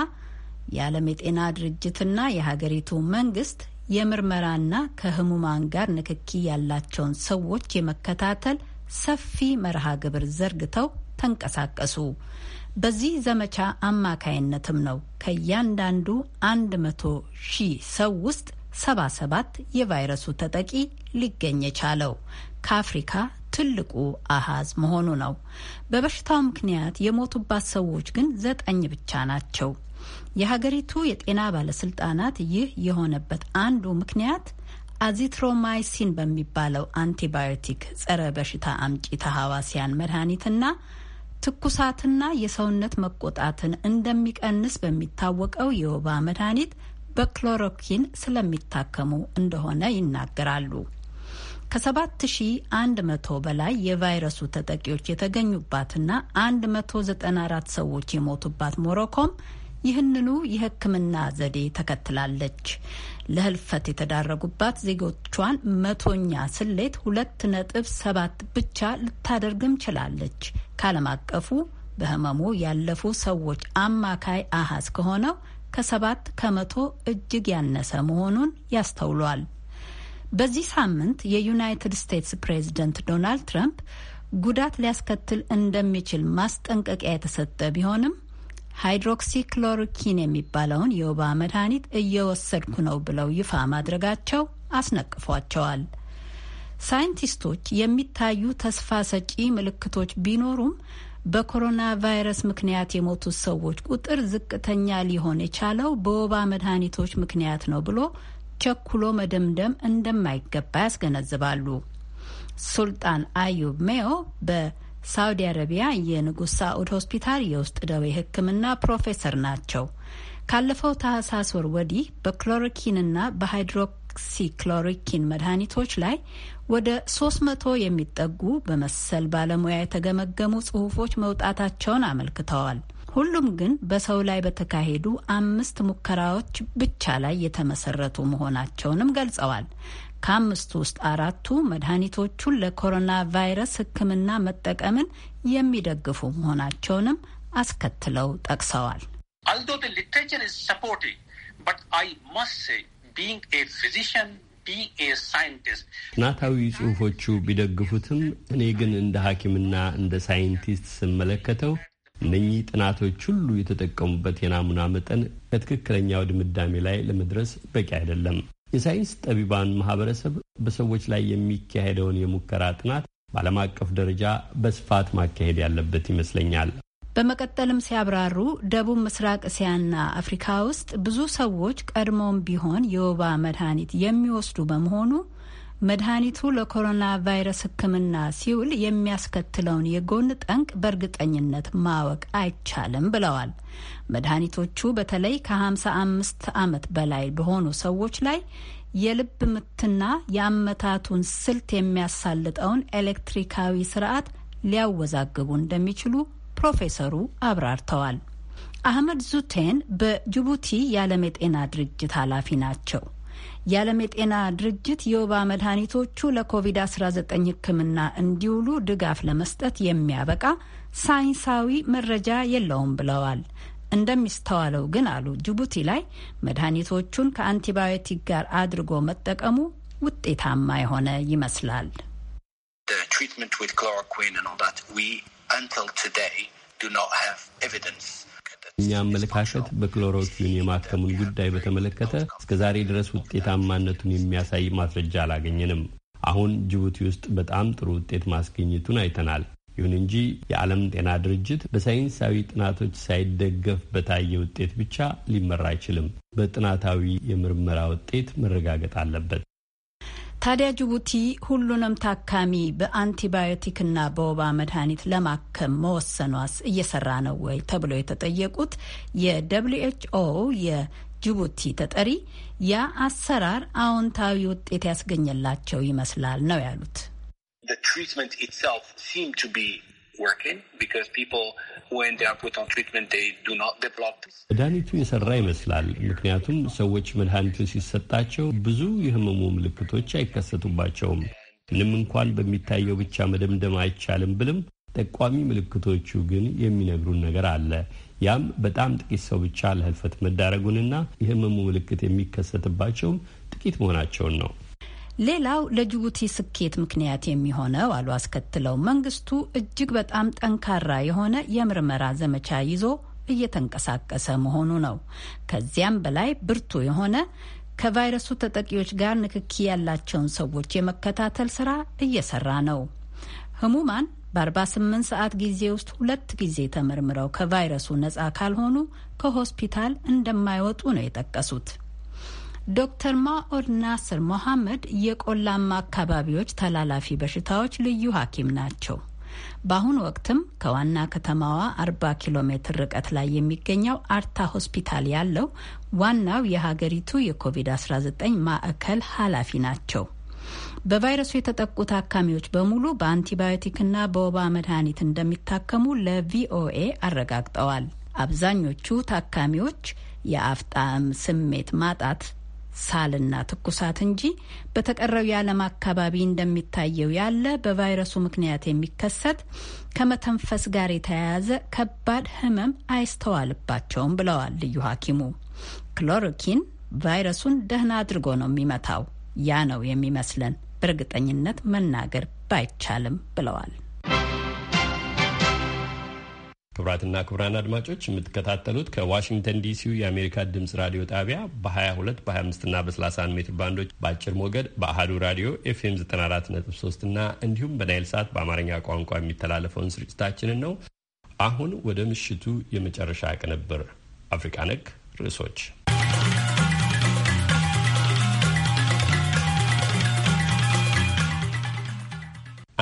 የዓለም የጤና ድርጅትና የሀገሪቱ መንግስት የምርመራና ከህሙማን ጋር ንክኪ ያላቸውን ሰዎች የመከታተል ሰፊ መርሃ ግብር ዘርግተው ተንቀሳቀሱ። በዚህ ዘመቻ አማካይነትም ነው ከእያንዳንዱ አንድ መቶ ሺህ ሰው ውስጥ ሰባ ሰባት የቫይረሱ ተጠቂ ሊገኝ የቻለው ከአፍሪካ ትልቁ አሃዝ መሆኑ ነው። በበሽታው ምክንያት የሞቱባት ሰዎች ግን ዘጠኝ ብቻ ናቸው። የሀገሪቱ የጤና ባለስልጣናት ይህ የሆነበት አንዱ ምክንያት አዚትሮማይሲን በሚባለው አንቲባዮቲክ ጸረ በሽታ አምጪ ተሐዋሲያን መድኃኒትና ትኩሳትና የሰውነት መቆጣትን እንደሚቀንስ በሚታወቀው የወባ መድኃኒት በክሎሮኪን ስለሚታከሙ እንደሆነ ይናገራሉ። ከ7100 በላይ የቫይረሱ ተጠቂዎች የተገኙባትና 194 ሰዎች የሞቱባት ሞሮኮም ይህንኑ የሕክምና ዘዴ ተከትላለች። ለህልፈት የተዳረጉባት ዜጎቿን መቶኛ ስሌት ሁለት ነጥብ ሰባት ብቻ ልታደርግም ችላለች ከዓለም አቀፉ በህመሙ ያለፉ ሰዎች አማካይ አሃዝ ከሆነው ከሰባት ከመቶ እጅግ ያነሰ መሆኑን ያስተውሏል። በዚህ ሳምንት የዩናይትድ ስቴትስ ፕሬዝደንት ዶናልድ ትራምፕ ጉዳት ሊያስከትል እንደሚችል ማስጠንቀቂያ የተሰጠ ቢሆንም ሃይድሮክሲክሎሮኪን የሚባለውን የወባ መድኃኒት እየወሰድኩ ነው ብለው ይፋ ማድረጋቸው አስነቅፏቸዋል። ሳይንቲስቶች የሚታዩ ተስፋ ሰጪ ምልክቶች ቢኖሩም በኮሮና ቫይረስ ምክንያት የሞቱት ሰዎች ቁጥር ዝቅተኛ ሊሆን የቻለው በወባ መድኃኒቶች ምክንያት ነው ብሎ ቸኩሎ መደምደም እንደማይገባ ያስገነዝባሉ። ሱልጣን አዩብ ሜዮ በ ሳውዲ አረቢያ የንጉሥ ሳኡድ ሆስፒታል የውስጥ ደዌ ሕክምና ፕሮፌሰር ናቸው። ካለፈው ታህሳስ ወር ወዲህ በክሎሮኪንና በሃይድሮክሲክሎሮኪን መድኃኒቶች ላይ ወደ 300 መቶ የሚጠጉ በመሰል ባለሙያ የተገመገሙ ጽሁፎች መውጣታቸውን አመልክተዋል። ሁሉም ግን በሰው ላይ በተካሄዱ አምስት ሙከራዎች ብቻ ላይ የተመሰረቱ መሆናቸውንም ገልጸዋል። ከአምስቱ ውስጥ አራቱ መድኃኒቶቹን ለኮሮና ቫይረስ ሕክምና መጠቀምን የሚደግፉ መሆናቸውንም አስከትለው ጠቅሰዋል። ጥናታዊ ጽሑፎቹ ቢደግፉትም እኔ ግን እንደ ሐኪምና እንደ ሳይንቲስት ስመለከተው እነኚህ ጥናቶች ሁሉ የተጠቀሙበት የናሙና መጠን ከትክክለኛው ድምዳሜ ላይ ለመድረስ በቂ አይደለም። የሳይንስ ጠቢባን ማህበረሰብ በሰዎች ላይ የሚካሄደውን የሙከራ ጥናት በዓለም አቀፍ ደረጃ በስፋት ማካሄድ ያለበት ይመስለኛል። በመቀጠልም ሲያብራሩ ደቡብ ምስራቅ እስያና አፍሪካ ውስጥ ብዙ ሰዎች ቀድሞም ቢሆን የወባ መድኃኒት የሚወስዱ በመሆኑ መድኃኒቱ ለኮሮና ቫይረስ ሕክምና ሲውል የሚያስከትለውን የጎን ጠንቅ በእርግጠኝነት ማወቅ አይቻልም ብለዋል። መድኃኒቶቹ በተለይ ከ55 ዓመት በላይ በሆኑ ሰዎች ላይ የልብ ምትና የአመታቱን ስልት የሚያሳልጠውን ኤሌክትሪካዊ ስርዓት ሊያወዛግቡ እንደሚችሉ ፕሮፌሰሩ አብራርተዋል። አህመድ ዙቴን በጅቡቲ የዓለም የጤና ድርጅት ኃላፊ ናቸው። የዓለም የጤና ድርጅት የወባ መድኃኒቶቹ ለኮቪድ-19 ሕክምና እንዲውሉ ድጋፍ ለመስጠት የሚያበቃ ሳይንሳዊ መረጃ የለውም ብለዋል። እንደሚስተዋለው ግን አሉ ጅቡቲ ላይ መድኃኒቶቹን ከአንቲባዮቲክ ጋር አድርጎ መጠቀሙ ውጤታማ የሆነ ይመስላል። ትሪትመንት ዊዝ ክሎሮኩዊን እኛ አመለካከት በክሎሮኪን የማከሙን ጉዳይ በተመለከተ እስከዛሬ ድረስ ውጤታማነቱን የሚያሳይ ማስረጃ አላገኘንም። አሁን ጅቡቲ ውስጥ በጣም ጥሩ ውጤት ማስገኘቱን አይተናል። ይሁን እንጂ የዓለም ጤና ድርጅት በሳይንሳዊ ጥናቶች ሳይደገፍ በታየ ውጤት ብቻ ሊመራ አይችልም። በጥናታዊ የምርመራ ውጤት መረጋገጥ አለበት። ታዲያ ጅቡቲ ሁሉንም ታካሚ በአንቲባዮቲክና በወባ መድኃኒት ለማከም መወሰኗስ እየሰራ ነው ወይ ተብሎ የተጠየቁት የደብሊው ኤች የጅቡቲ ተጠሪ ያ አሰራር አዎንታዊ ውጤት ያስገኘላቸው ይመስላል ነው ያሉት። መድኃኒቱ የሰራ ይመስላል። ምክንያቱም ሰዎች መድኃኒቱ ሲሰጣቸው ብዙ የህመሙ ምልክቶች አይከሰቱባቸውም። ምንም እንኳን በሚታየው ብቻ መደምደም አይቻልም ብልም ጠቋሚ ምልክቶቹ ግን የሚነግሩን ነገር አለ። ያም በጣም ጥቂት ሰው ብቻ ለህልፈት መዳረጉንና የህመሙ ምልክት የሚከሰትባቸውም ጥቂት መሆናቸውን ነው። ሌላው ለጅቡቲ ስኬት ምክንያት የሚሆነው አሉ አስከትለው መንግስቱ እጅግ በጣም ጠንካራ የሆነ የምርመራ ዘመቻ ይዞ እየተንቀሳቀሰ መሆኑ ነው። ከዚያም በላይ ብርቱ የሆነ ከቫይረሱ ተጠቂዎች ጋር ንክኪ ያላቸውን ሰዎች የመከታተል ስራ እየሰራ ነው። ህሙማን በ48 ሰዓት ጊዜ ውስጥ ሁለት ጊዜ ተመርምረው ከቫይረሱ ነጻ ካልሆኑ ከሆስፒታል እንደማይወጡ ነው የጠቀሱት። ዶክተር ማኦድ ናስር ሞሐመድ የቆላማ አካባቢዎች ተላላፊ በሽታዎች ልዩ ሐኪም ናቸው። በአሁኑ ወቅትም ከዋና ከተማዋ 40 ኪሎ ሜትር ርቀት ላይ የሚገኘው አርታ ሆስፒታል ያለው ዋናው የሀገሪቱ የኮቪድ-19 ማዕከል ኃላፊ ናቸው። በቫይረሱ የተጠቁ ታካሚዎች በሙሉ በአንቲባዮቲክና በወባ መድኃኒት እንደሚታከሙ ለቪኦኤ አረጋግጠዋል። አብዛኞቹ ታካሚዎች የአፍጣም ስሜት ማጣት ሳልና ትኩሳት እንጂ በተቀረው የዓለም አካባቢ እንደሚታየው ያለ በቫይረሱ ምክንያት የሚከሰት ከመተንፈስ ጋር የተያያዘ ከባድ ህመም አይስተዋልባቸውም ብለዋል ልዩ ሐኪሙ። ክሎሮኪን ቫይረሱን ደህና አድርጎ ነው የሚመታው። ያ ነው የሚመስለን በእርግጠኝነት መናገር ባይቻልም ብለዋል። ክቡራትና ክቡራን አድማጮች የምትከታተሉት ከዋሽንግተን ዲሲው የአሜሪካ ድምጽ ራዲዮ ጣቢያ በ22 በ25ና በ31 ሜትር ባንዶች በአጭር ሞገድ በአህዱ ራዲዮ ኤፍኤም 943 እና እንዲሁም በናይል ሰዓት በአማርኛ ቋንቋ የሚተላለፈውን ስርጭታችንን ነው። አሁን ወደ ምሽቱ የመጨረሻ ቅንብር አፍሪቃ ነክ ርዕሶች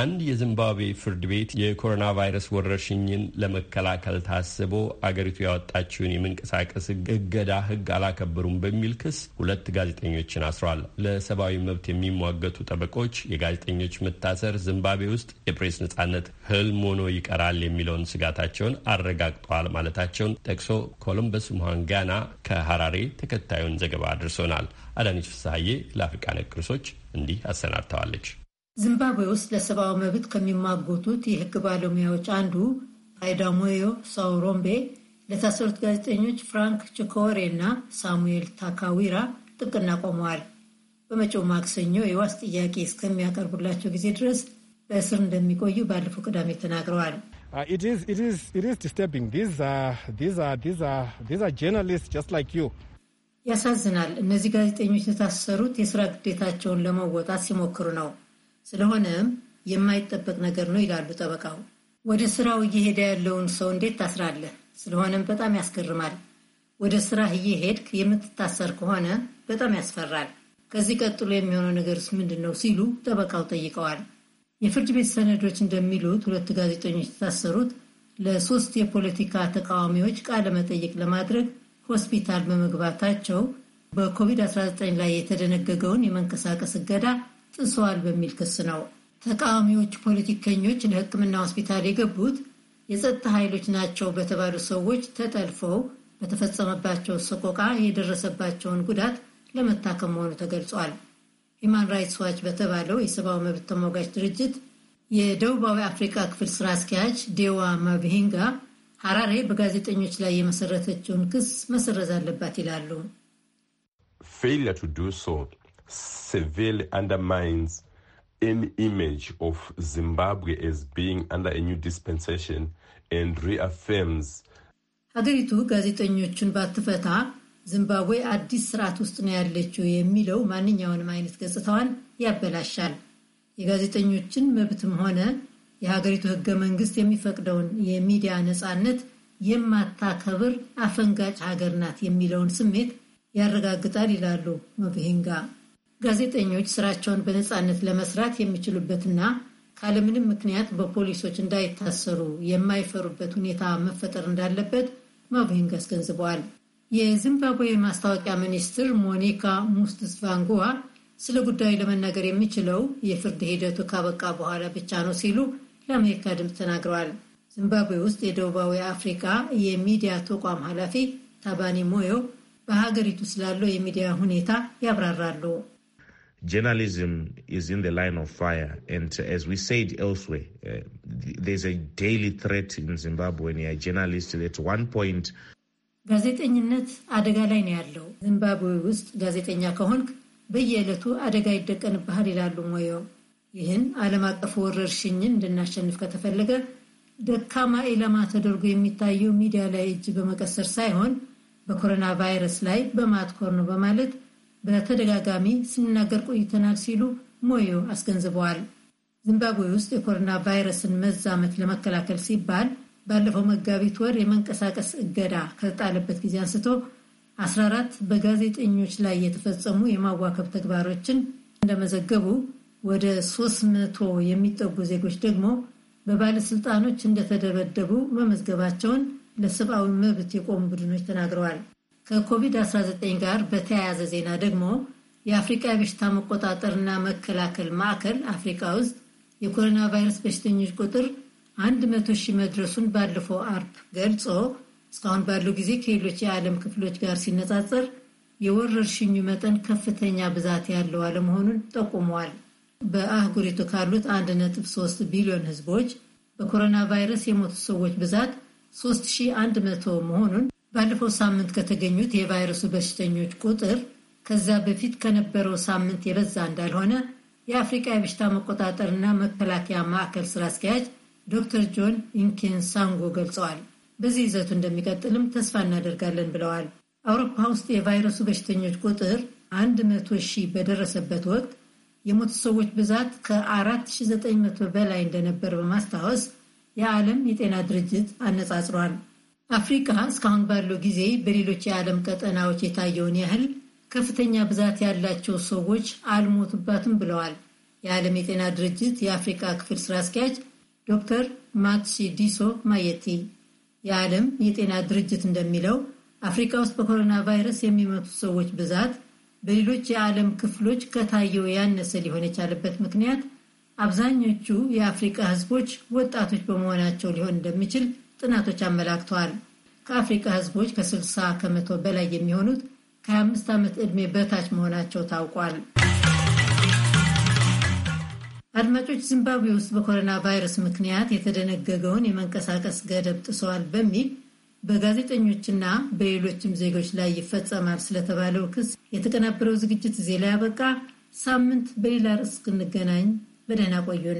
አንድ የዚምባብዌ ፍርድ ቤት የኮሮና ቫይረስ ወረርሽኝን ለመከላከል ታስቦ አገሪቱ ያወጣችውን የመንቀሳቀስ እገዳ ሕግ አላከበሩም በሚል ክስ ሁለት ጋዜጠኞችን አስሯል። ለሰብአዊ መብት የሚሟገቱ ጠበቆች የጋዜጠኞች መታሰር ዚምባብዌ ውስጥ የፕሬስ ነጻነት ህልም ሆኖ ይቀራል የሚለውን ስጋታቸውን አረጋግጠዋል ማለታቸውን ጠቅሶ ኮሎምበስ ሙሃንጋና ከሐራሬ ተከታዩን ዘገባ አድርሶናል። አዳነች ፍስሀዬ ለአፍሪቃ ነቅርሶች እንዲህ አሰናድተዋለች። ዚምባብዌ ውስጥ ለሰብአዊ መብት ከሚማጎቱት የህግ ባለሙያዎች አንዱ አይዳሞዮ ሳውሮምቤ ለታሰሩት ጋዜጠኞች ፍራንክ ችኮሬ እና ሳሙኤል ታካዊራ ጥብቅና ቆመዋል። በመጪው ማክሰኞ የዋስ ጥያቄ እስከሚያቀርቡላቸው ጊዜ ድረስ በእስር እንደሚቆዩ ባለፈው ቅዳሜ ተናግረዋል። ያሳዝናል። እነዚህ ጋዜጠኞች የታሰሩት የስራ ግዴታቸውን ለመወጣት ሲሞክሩ ነው። ስለሆነም የማይጠበቅ ነገር ነው ይላሉ ጠበቃው። ወደ ስራው እየሄደ ያለውን ሰው እንዴት ታስራለህ? ስለሆነም በጣም ያስገርማል። ወደ ስራህ እየሄድክ የምትታሰር ከሆነ በጣም ያስፈራል። ከዚህ ቀጥሎ የሚሆነው ነገርስ ምንድን ነው ሲሉ ጠበቃው ጠይቀዋል። የፍርድ ቤት ሰነዶች እንደሚሉት ሁለት ጋዜጠኞች የታሰሩት ለሶስት የፖለቲካ ተቃዋሚዎች ቃለ መጠይቅ ለማድረግ ሆስፒታል በመግባታቸው በኮቪድ-19 ላይ የተደነገገውን የመንቀሳቀስ እገዳ ጥሰዋል በሚል ክስ ነው። ተቃዋሚዎች ፖለቲከኞች ለሕክምና ሆስፒታል የገቡት የጸጥታ ኃይሎች ናቸው በተባሉ ሰዎች ተጠልፈው በተፈጸመባቸው ሰቆቃ የደረሰባቸውን ጉዳት ለመታከም መሆኑ ተገልጿል። ሂማን ራይትስ ዋች በተባለው የሰብአዊ መብት ተሟጋች ድርጅት የደቡባዊ አፍሪካ ክፍል ስራ አስኪያጅ ዴዋ ማብሂንጋ ሐራሬ በጋዜጠኞች ላይ የመሰረተችውን ክስ መሰረዝ አለባት ይላሉ። severely undermines any image of Zimbabwe as being under a new dispensation and reaffirms ሀገሪቱ ጋዜጠኞቹን ባትፈታ ዚምባብዌ አዲስ ስርዓት ውስጥ ነው ያለችው የሚለው ማንኛውንም አይነት ገጽታዋን ያበላሻል። የጋዜጠኞችን መብትም ሆነ የሀገሪቱ ህገ መንግስት የሚፈቅደውን የሚዲያ ነፃነት የማታከብር አፈንጋጭ ሀገር ናት የሚለውን ስሜት ያረጋግጣል ይላሉ መብሄንጋ ጋዜጠኞች ስራቸውን በነፃነት ለመስራት የሚችሉበትና ካለምንም ምክንያት በፖሊሶች እንዳይታሰሩ የማይፈሩበት ሁኔታ መፈጠር እንዳለበት ማቡሂንግ አስገንዝበዋል። የዚምባብዌ ማስታወቂያ ሚኒስትር ሞኒካ ሙስትስቫንጉዋ ስለ ጉዳዩ ለመናገር የሚችለው የፍርድ ሂደቱ ካበቃ በኋላ ብቻ ነው ሲሉ ለአሜሪካ ድምፅ ተናግረዋል። ዚምባብዌ ውስጥ የደቡባዊ አፍሪካ የሚዲያ ተቋም ኃላፊ ታባኒ ሞዮ በሀገሪቱ ስላለው የሚዲያ ሁኔታ ያብራራሉ። journalism is in the line of fire and as we said elsewhere uh, there's a daily threat in Zimbabwe and a journalist at one point ጋዜጠኝነት አደጋ ላይ ነው ያለው ዚምባብዌ ውስጥ ጋዜጠኛ ከሆንክ በየዕለቱ አደጋ ይደቀንብሃል ይላሉ ሞዮ ይህን ዓለም አቀፍ ወረርሽኝን እንድናሸንፍ ከተፈለገ ደካማ ኢላማ ተደርጎ የሚታየው ሚዲያ ላይ እጅ በመቀሰር ሳይሆን በኮሮና ቫይረስ ላይ በማትኮር ነው በማለት በተደጋጋሚ ስንናገር ቆይተናል ሲሉ ሞዮ አስገንዝበዋል። ዚምባብዌ ውስጥ የኮሮና ቫይረስን መዛመት ለመከላከል ሲባል ባለፈው መጋቢት ወር የመንቀሳቀስ እገዳ ከተጣለበት ጊዜ አንስቶ 14 በጋዜጠኞች ላይ የተፈጸሙ የማዋከብ ተግባሮችን እንደመዘገቡ ወደ 300 የሚጠጉ ዜጎች ደግሞ በባለስልጣኖች እንደተደበደቡ መመዝገባቸውን ለሰብአዊ መብት የቆሙ ቡድኖች ተናግረዋል። ከኮቪድ-19 ጋር በተያያዘ ዜና ደግሞ የአፍሪቃ የበሽታ መቆጣጠርና መከላከል ማዕከል አፍሪካ ውስጥ የኮሮና ቫይረስ በሽተኞች ቁጥር 100 ሺህ መድረሱን ባለፈው አርብ ገልጾ እስካሁን ባለው ጊዜ ከሌሎች የዓለም ክፍሎች ጋር ሲነጻጸር የወረርሽኙ መጠን ከፍተኛ ብዛት ያለው አለመሆኑን ጠቁመዋል። በአህጉሪቱ ካሉት 1.3 ቢሊዮን ሕዝቦች በኮሮና ቫይረስ የሞቱ ሰዎች ብዛት 3100 መሆኑን ባለፈው ሳምንት ከተገኙት የቫይረሱ በሽተኞች ቁጥር ከዛ በፊት ከነበረው ሳምንት የበዛ እንዳልሆነ የአፍሪቃ የበሽታ መቆጣጠርና መከላከያ ማዕከል ስራ አስኪያጅ ዶክተር ጆን ሳንጎ ገልጸዋል። በዚህ ይዘቱ እንደሚቀጥልም ተስፋ እናደርጋለን ብለዋል። አውሮፓ ውስጥ የቫይረሱ በሽተኞች ቁጥር 100 ሺህ በደረሰበት ወቅት የሞቱ ሰዎች ብዛት ከ4900 በላይ እንደነበር በማስታወስ የዓለም የጤና ድርጅት አነጻጽሯል። አፍሪካ እስካሁን ባለው ጊዜ በሌሎች የዓለም ቀጠናዎች የታየውን ያህል ከፍተኛ ብዛት ያላቸው ሰዎች አልሞቱባትም ብለዋል የዓለም የጤና ድርጅት የአፍሪካ ክፍል ስራ አስኪያጅ ዶክተር ዲሶ ማየቲ። የዓለም የጤና ድርጅት እንደሚለው አፍሪካ ውስጥ በኮሮና ቫይረስ የሚመቱት ሰዎች ብዛት በሌሎች የዓለም ክፍሎች ከታየው ያነሰ ሊሆን የቻለበት ምክንያት አብዛኞቹ የአፍሪካ ሕዝቦች ወጣቶች በመሆናቸው ሊሆን እንደሚችል ጥናቶች አመላክተዋል። ከአፍሪካ ህዝቦች ከ60 ከመቶ በላይ የሚሆኑት ከ25 ዓመት ዕድሜ በታች መሆናቸው ታውቋል። አድማጮች፣ ዚምባብዌ ውስጥ በኮሮና ቫይረስ ምክንያት የተደነገገውን የመንቀሳቀስ ገደብ ጥሰዋል በሚል በጋዜጠኞችና በሌሎችም ዜጎች ላይ ይፈጸማል ስለተባለው ክስ የተቀናበረው ዝግጅት እዚህ ላይ ያበቃ። ሳምንት በሌላ ርዕስ እንገናኝ። በደህና ቆዩን።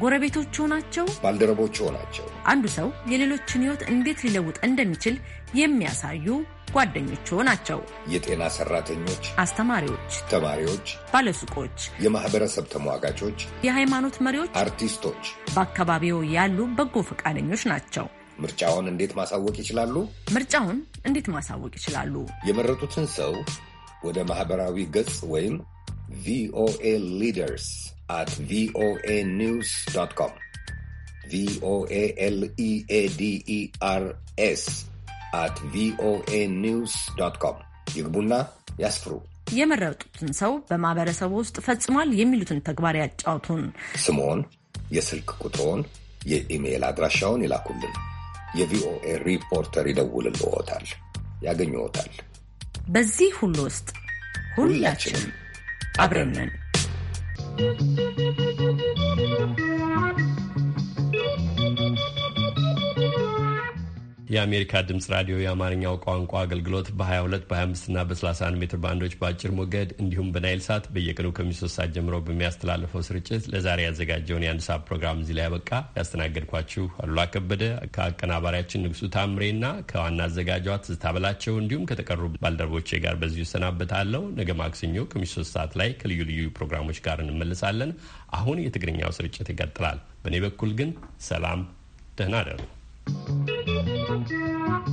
ጎረቤቶቹ ናቸው፣ ባልደረቦቹ ናቸው። አንዱ ሰው የሌሎችን ሕይወት እንዴት ሊለውጥ እንደሚችል የሚያሳዩ ጓደኞቹ ናቸው። የጤና ሰራተኞች፣ አስተማሪዎች፣ ተማሪዎች፣ ባለሱቆች፣ የማህበረሰብ ተሟጋቾች፣ የሃይማኖት መሪዎች፣ አርቲስቶች፣ በአካባቢው ያሉ በጎ ፈቃደኞች ናቸው። ምርጫውን እንዴት ማሳወቅ ይችላሉ? ምርጫውን እንዴት ማሳወቅ ይችላሉ? የመረጡትን ሰው ወደ ማህበራዊ ገጽ ወይም ቪኦኤ ሊደርስ at VOA ኒውስ ዶት ኮም VOA LEADERS at VOA ኒውስ ዶት ኮም ይግቡና ያስፍሩ። የመረጡትን ሰው በማህበረሰቡ ውስጥ ፈጽሟል የሚሉትን ተግባር ያጫውቱን። ስሞን፣ የስልክ ቁጥሮን፣ የኢሜይል አድራሻውን ይላኩልን። የቪኦኤ ሪፖርተር ይደውልልዎታል፣ ያገኝዎታል። በዚህ ሁሉ ውስጥ ሁላችንም አብረንን Thank you. የአሜሪካ ድምጽ ራዲዮ የአማርኛው ቋንቋ አገልግሎት በ22 በ25 እና በ31 ሜትር ባንዶች በአጭር ሞገድ እንዲሁም በናይል ሳት በየቀኑ ከምሽቱ ሰዓት ጀምሮ በሚያስተላልፈው ስርጭት ለዛሬ ያዘጋጀውን የአንድ ሰዓት ፕሮግራም እዚህ ላይ ያበቃ። ያስተናገድኳችሁ አሉላ ከበደ ከአቀናባሪያችን ንጉሱ ታምሬ ታምሬና ከዋና አዘጋጇ ትዝታ በላቸው እንዲሁም ከተቀሩ ባልደረቦቼ ጋር በዚሁ እሰናበታለሁ። ነገ ማክሰኞ ከምሽቱ ሰዓት ላይ ከልዩ ልዩ ፕሮግራሞች ጋር እንመልሳለን። አሁን የትግርኛው ስርጭት ይቀጥላል። በእኔ በኩል ግን ሰላም፣ ደህና ደሩ። Thank you.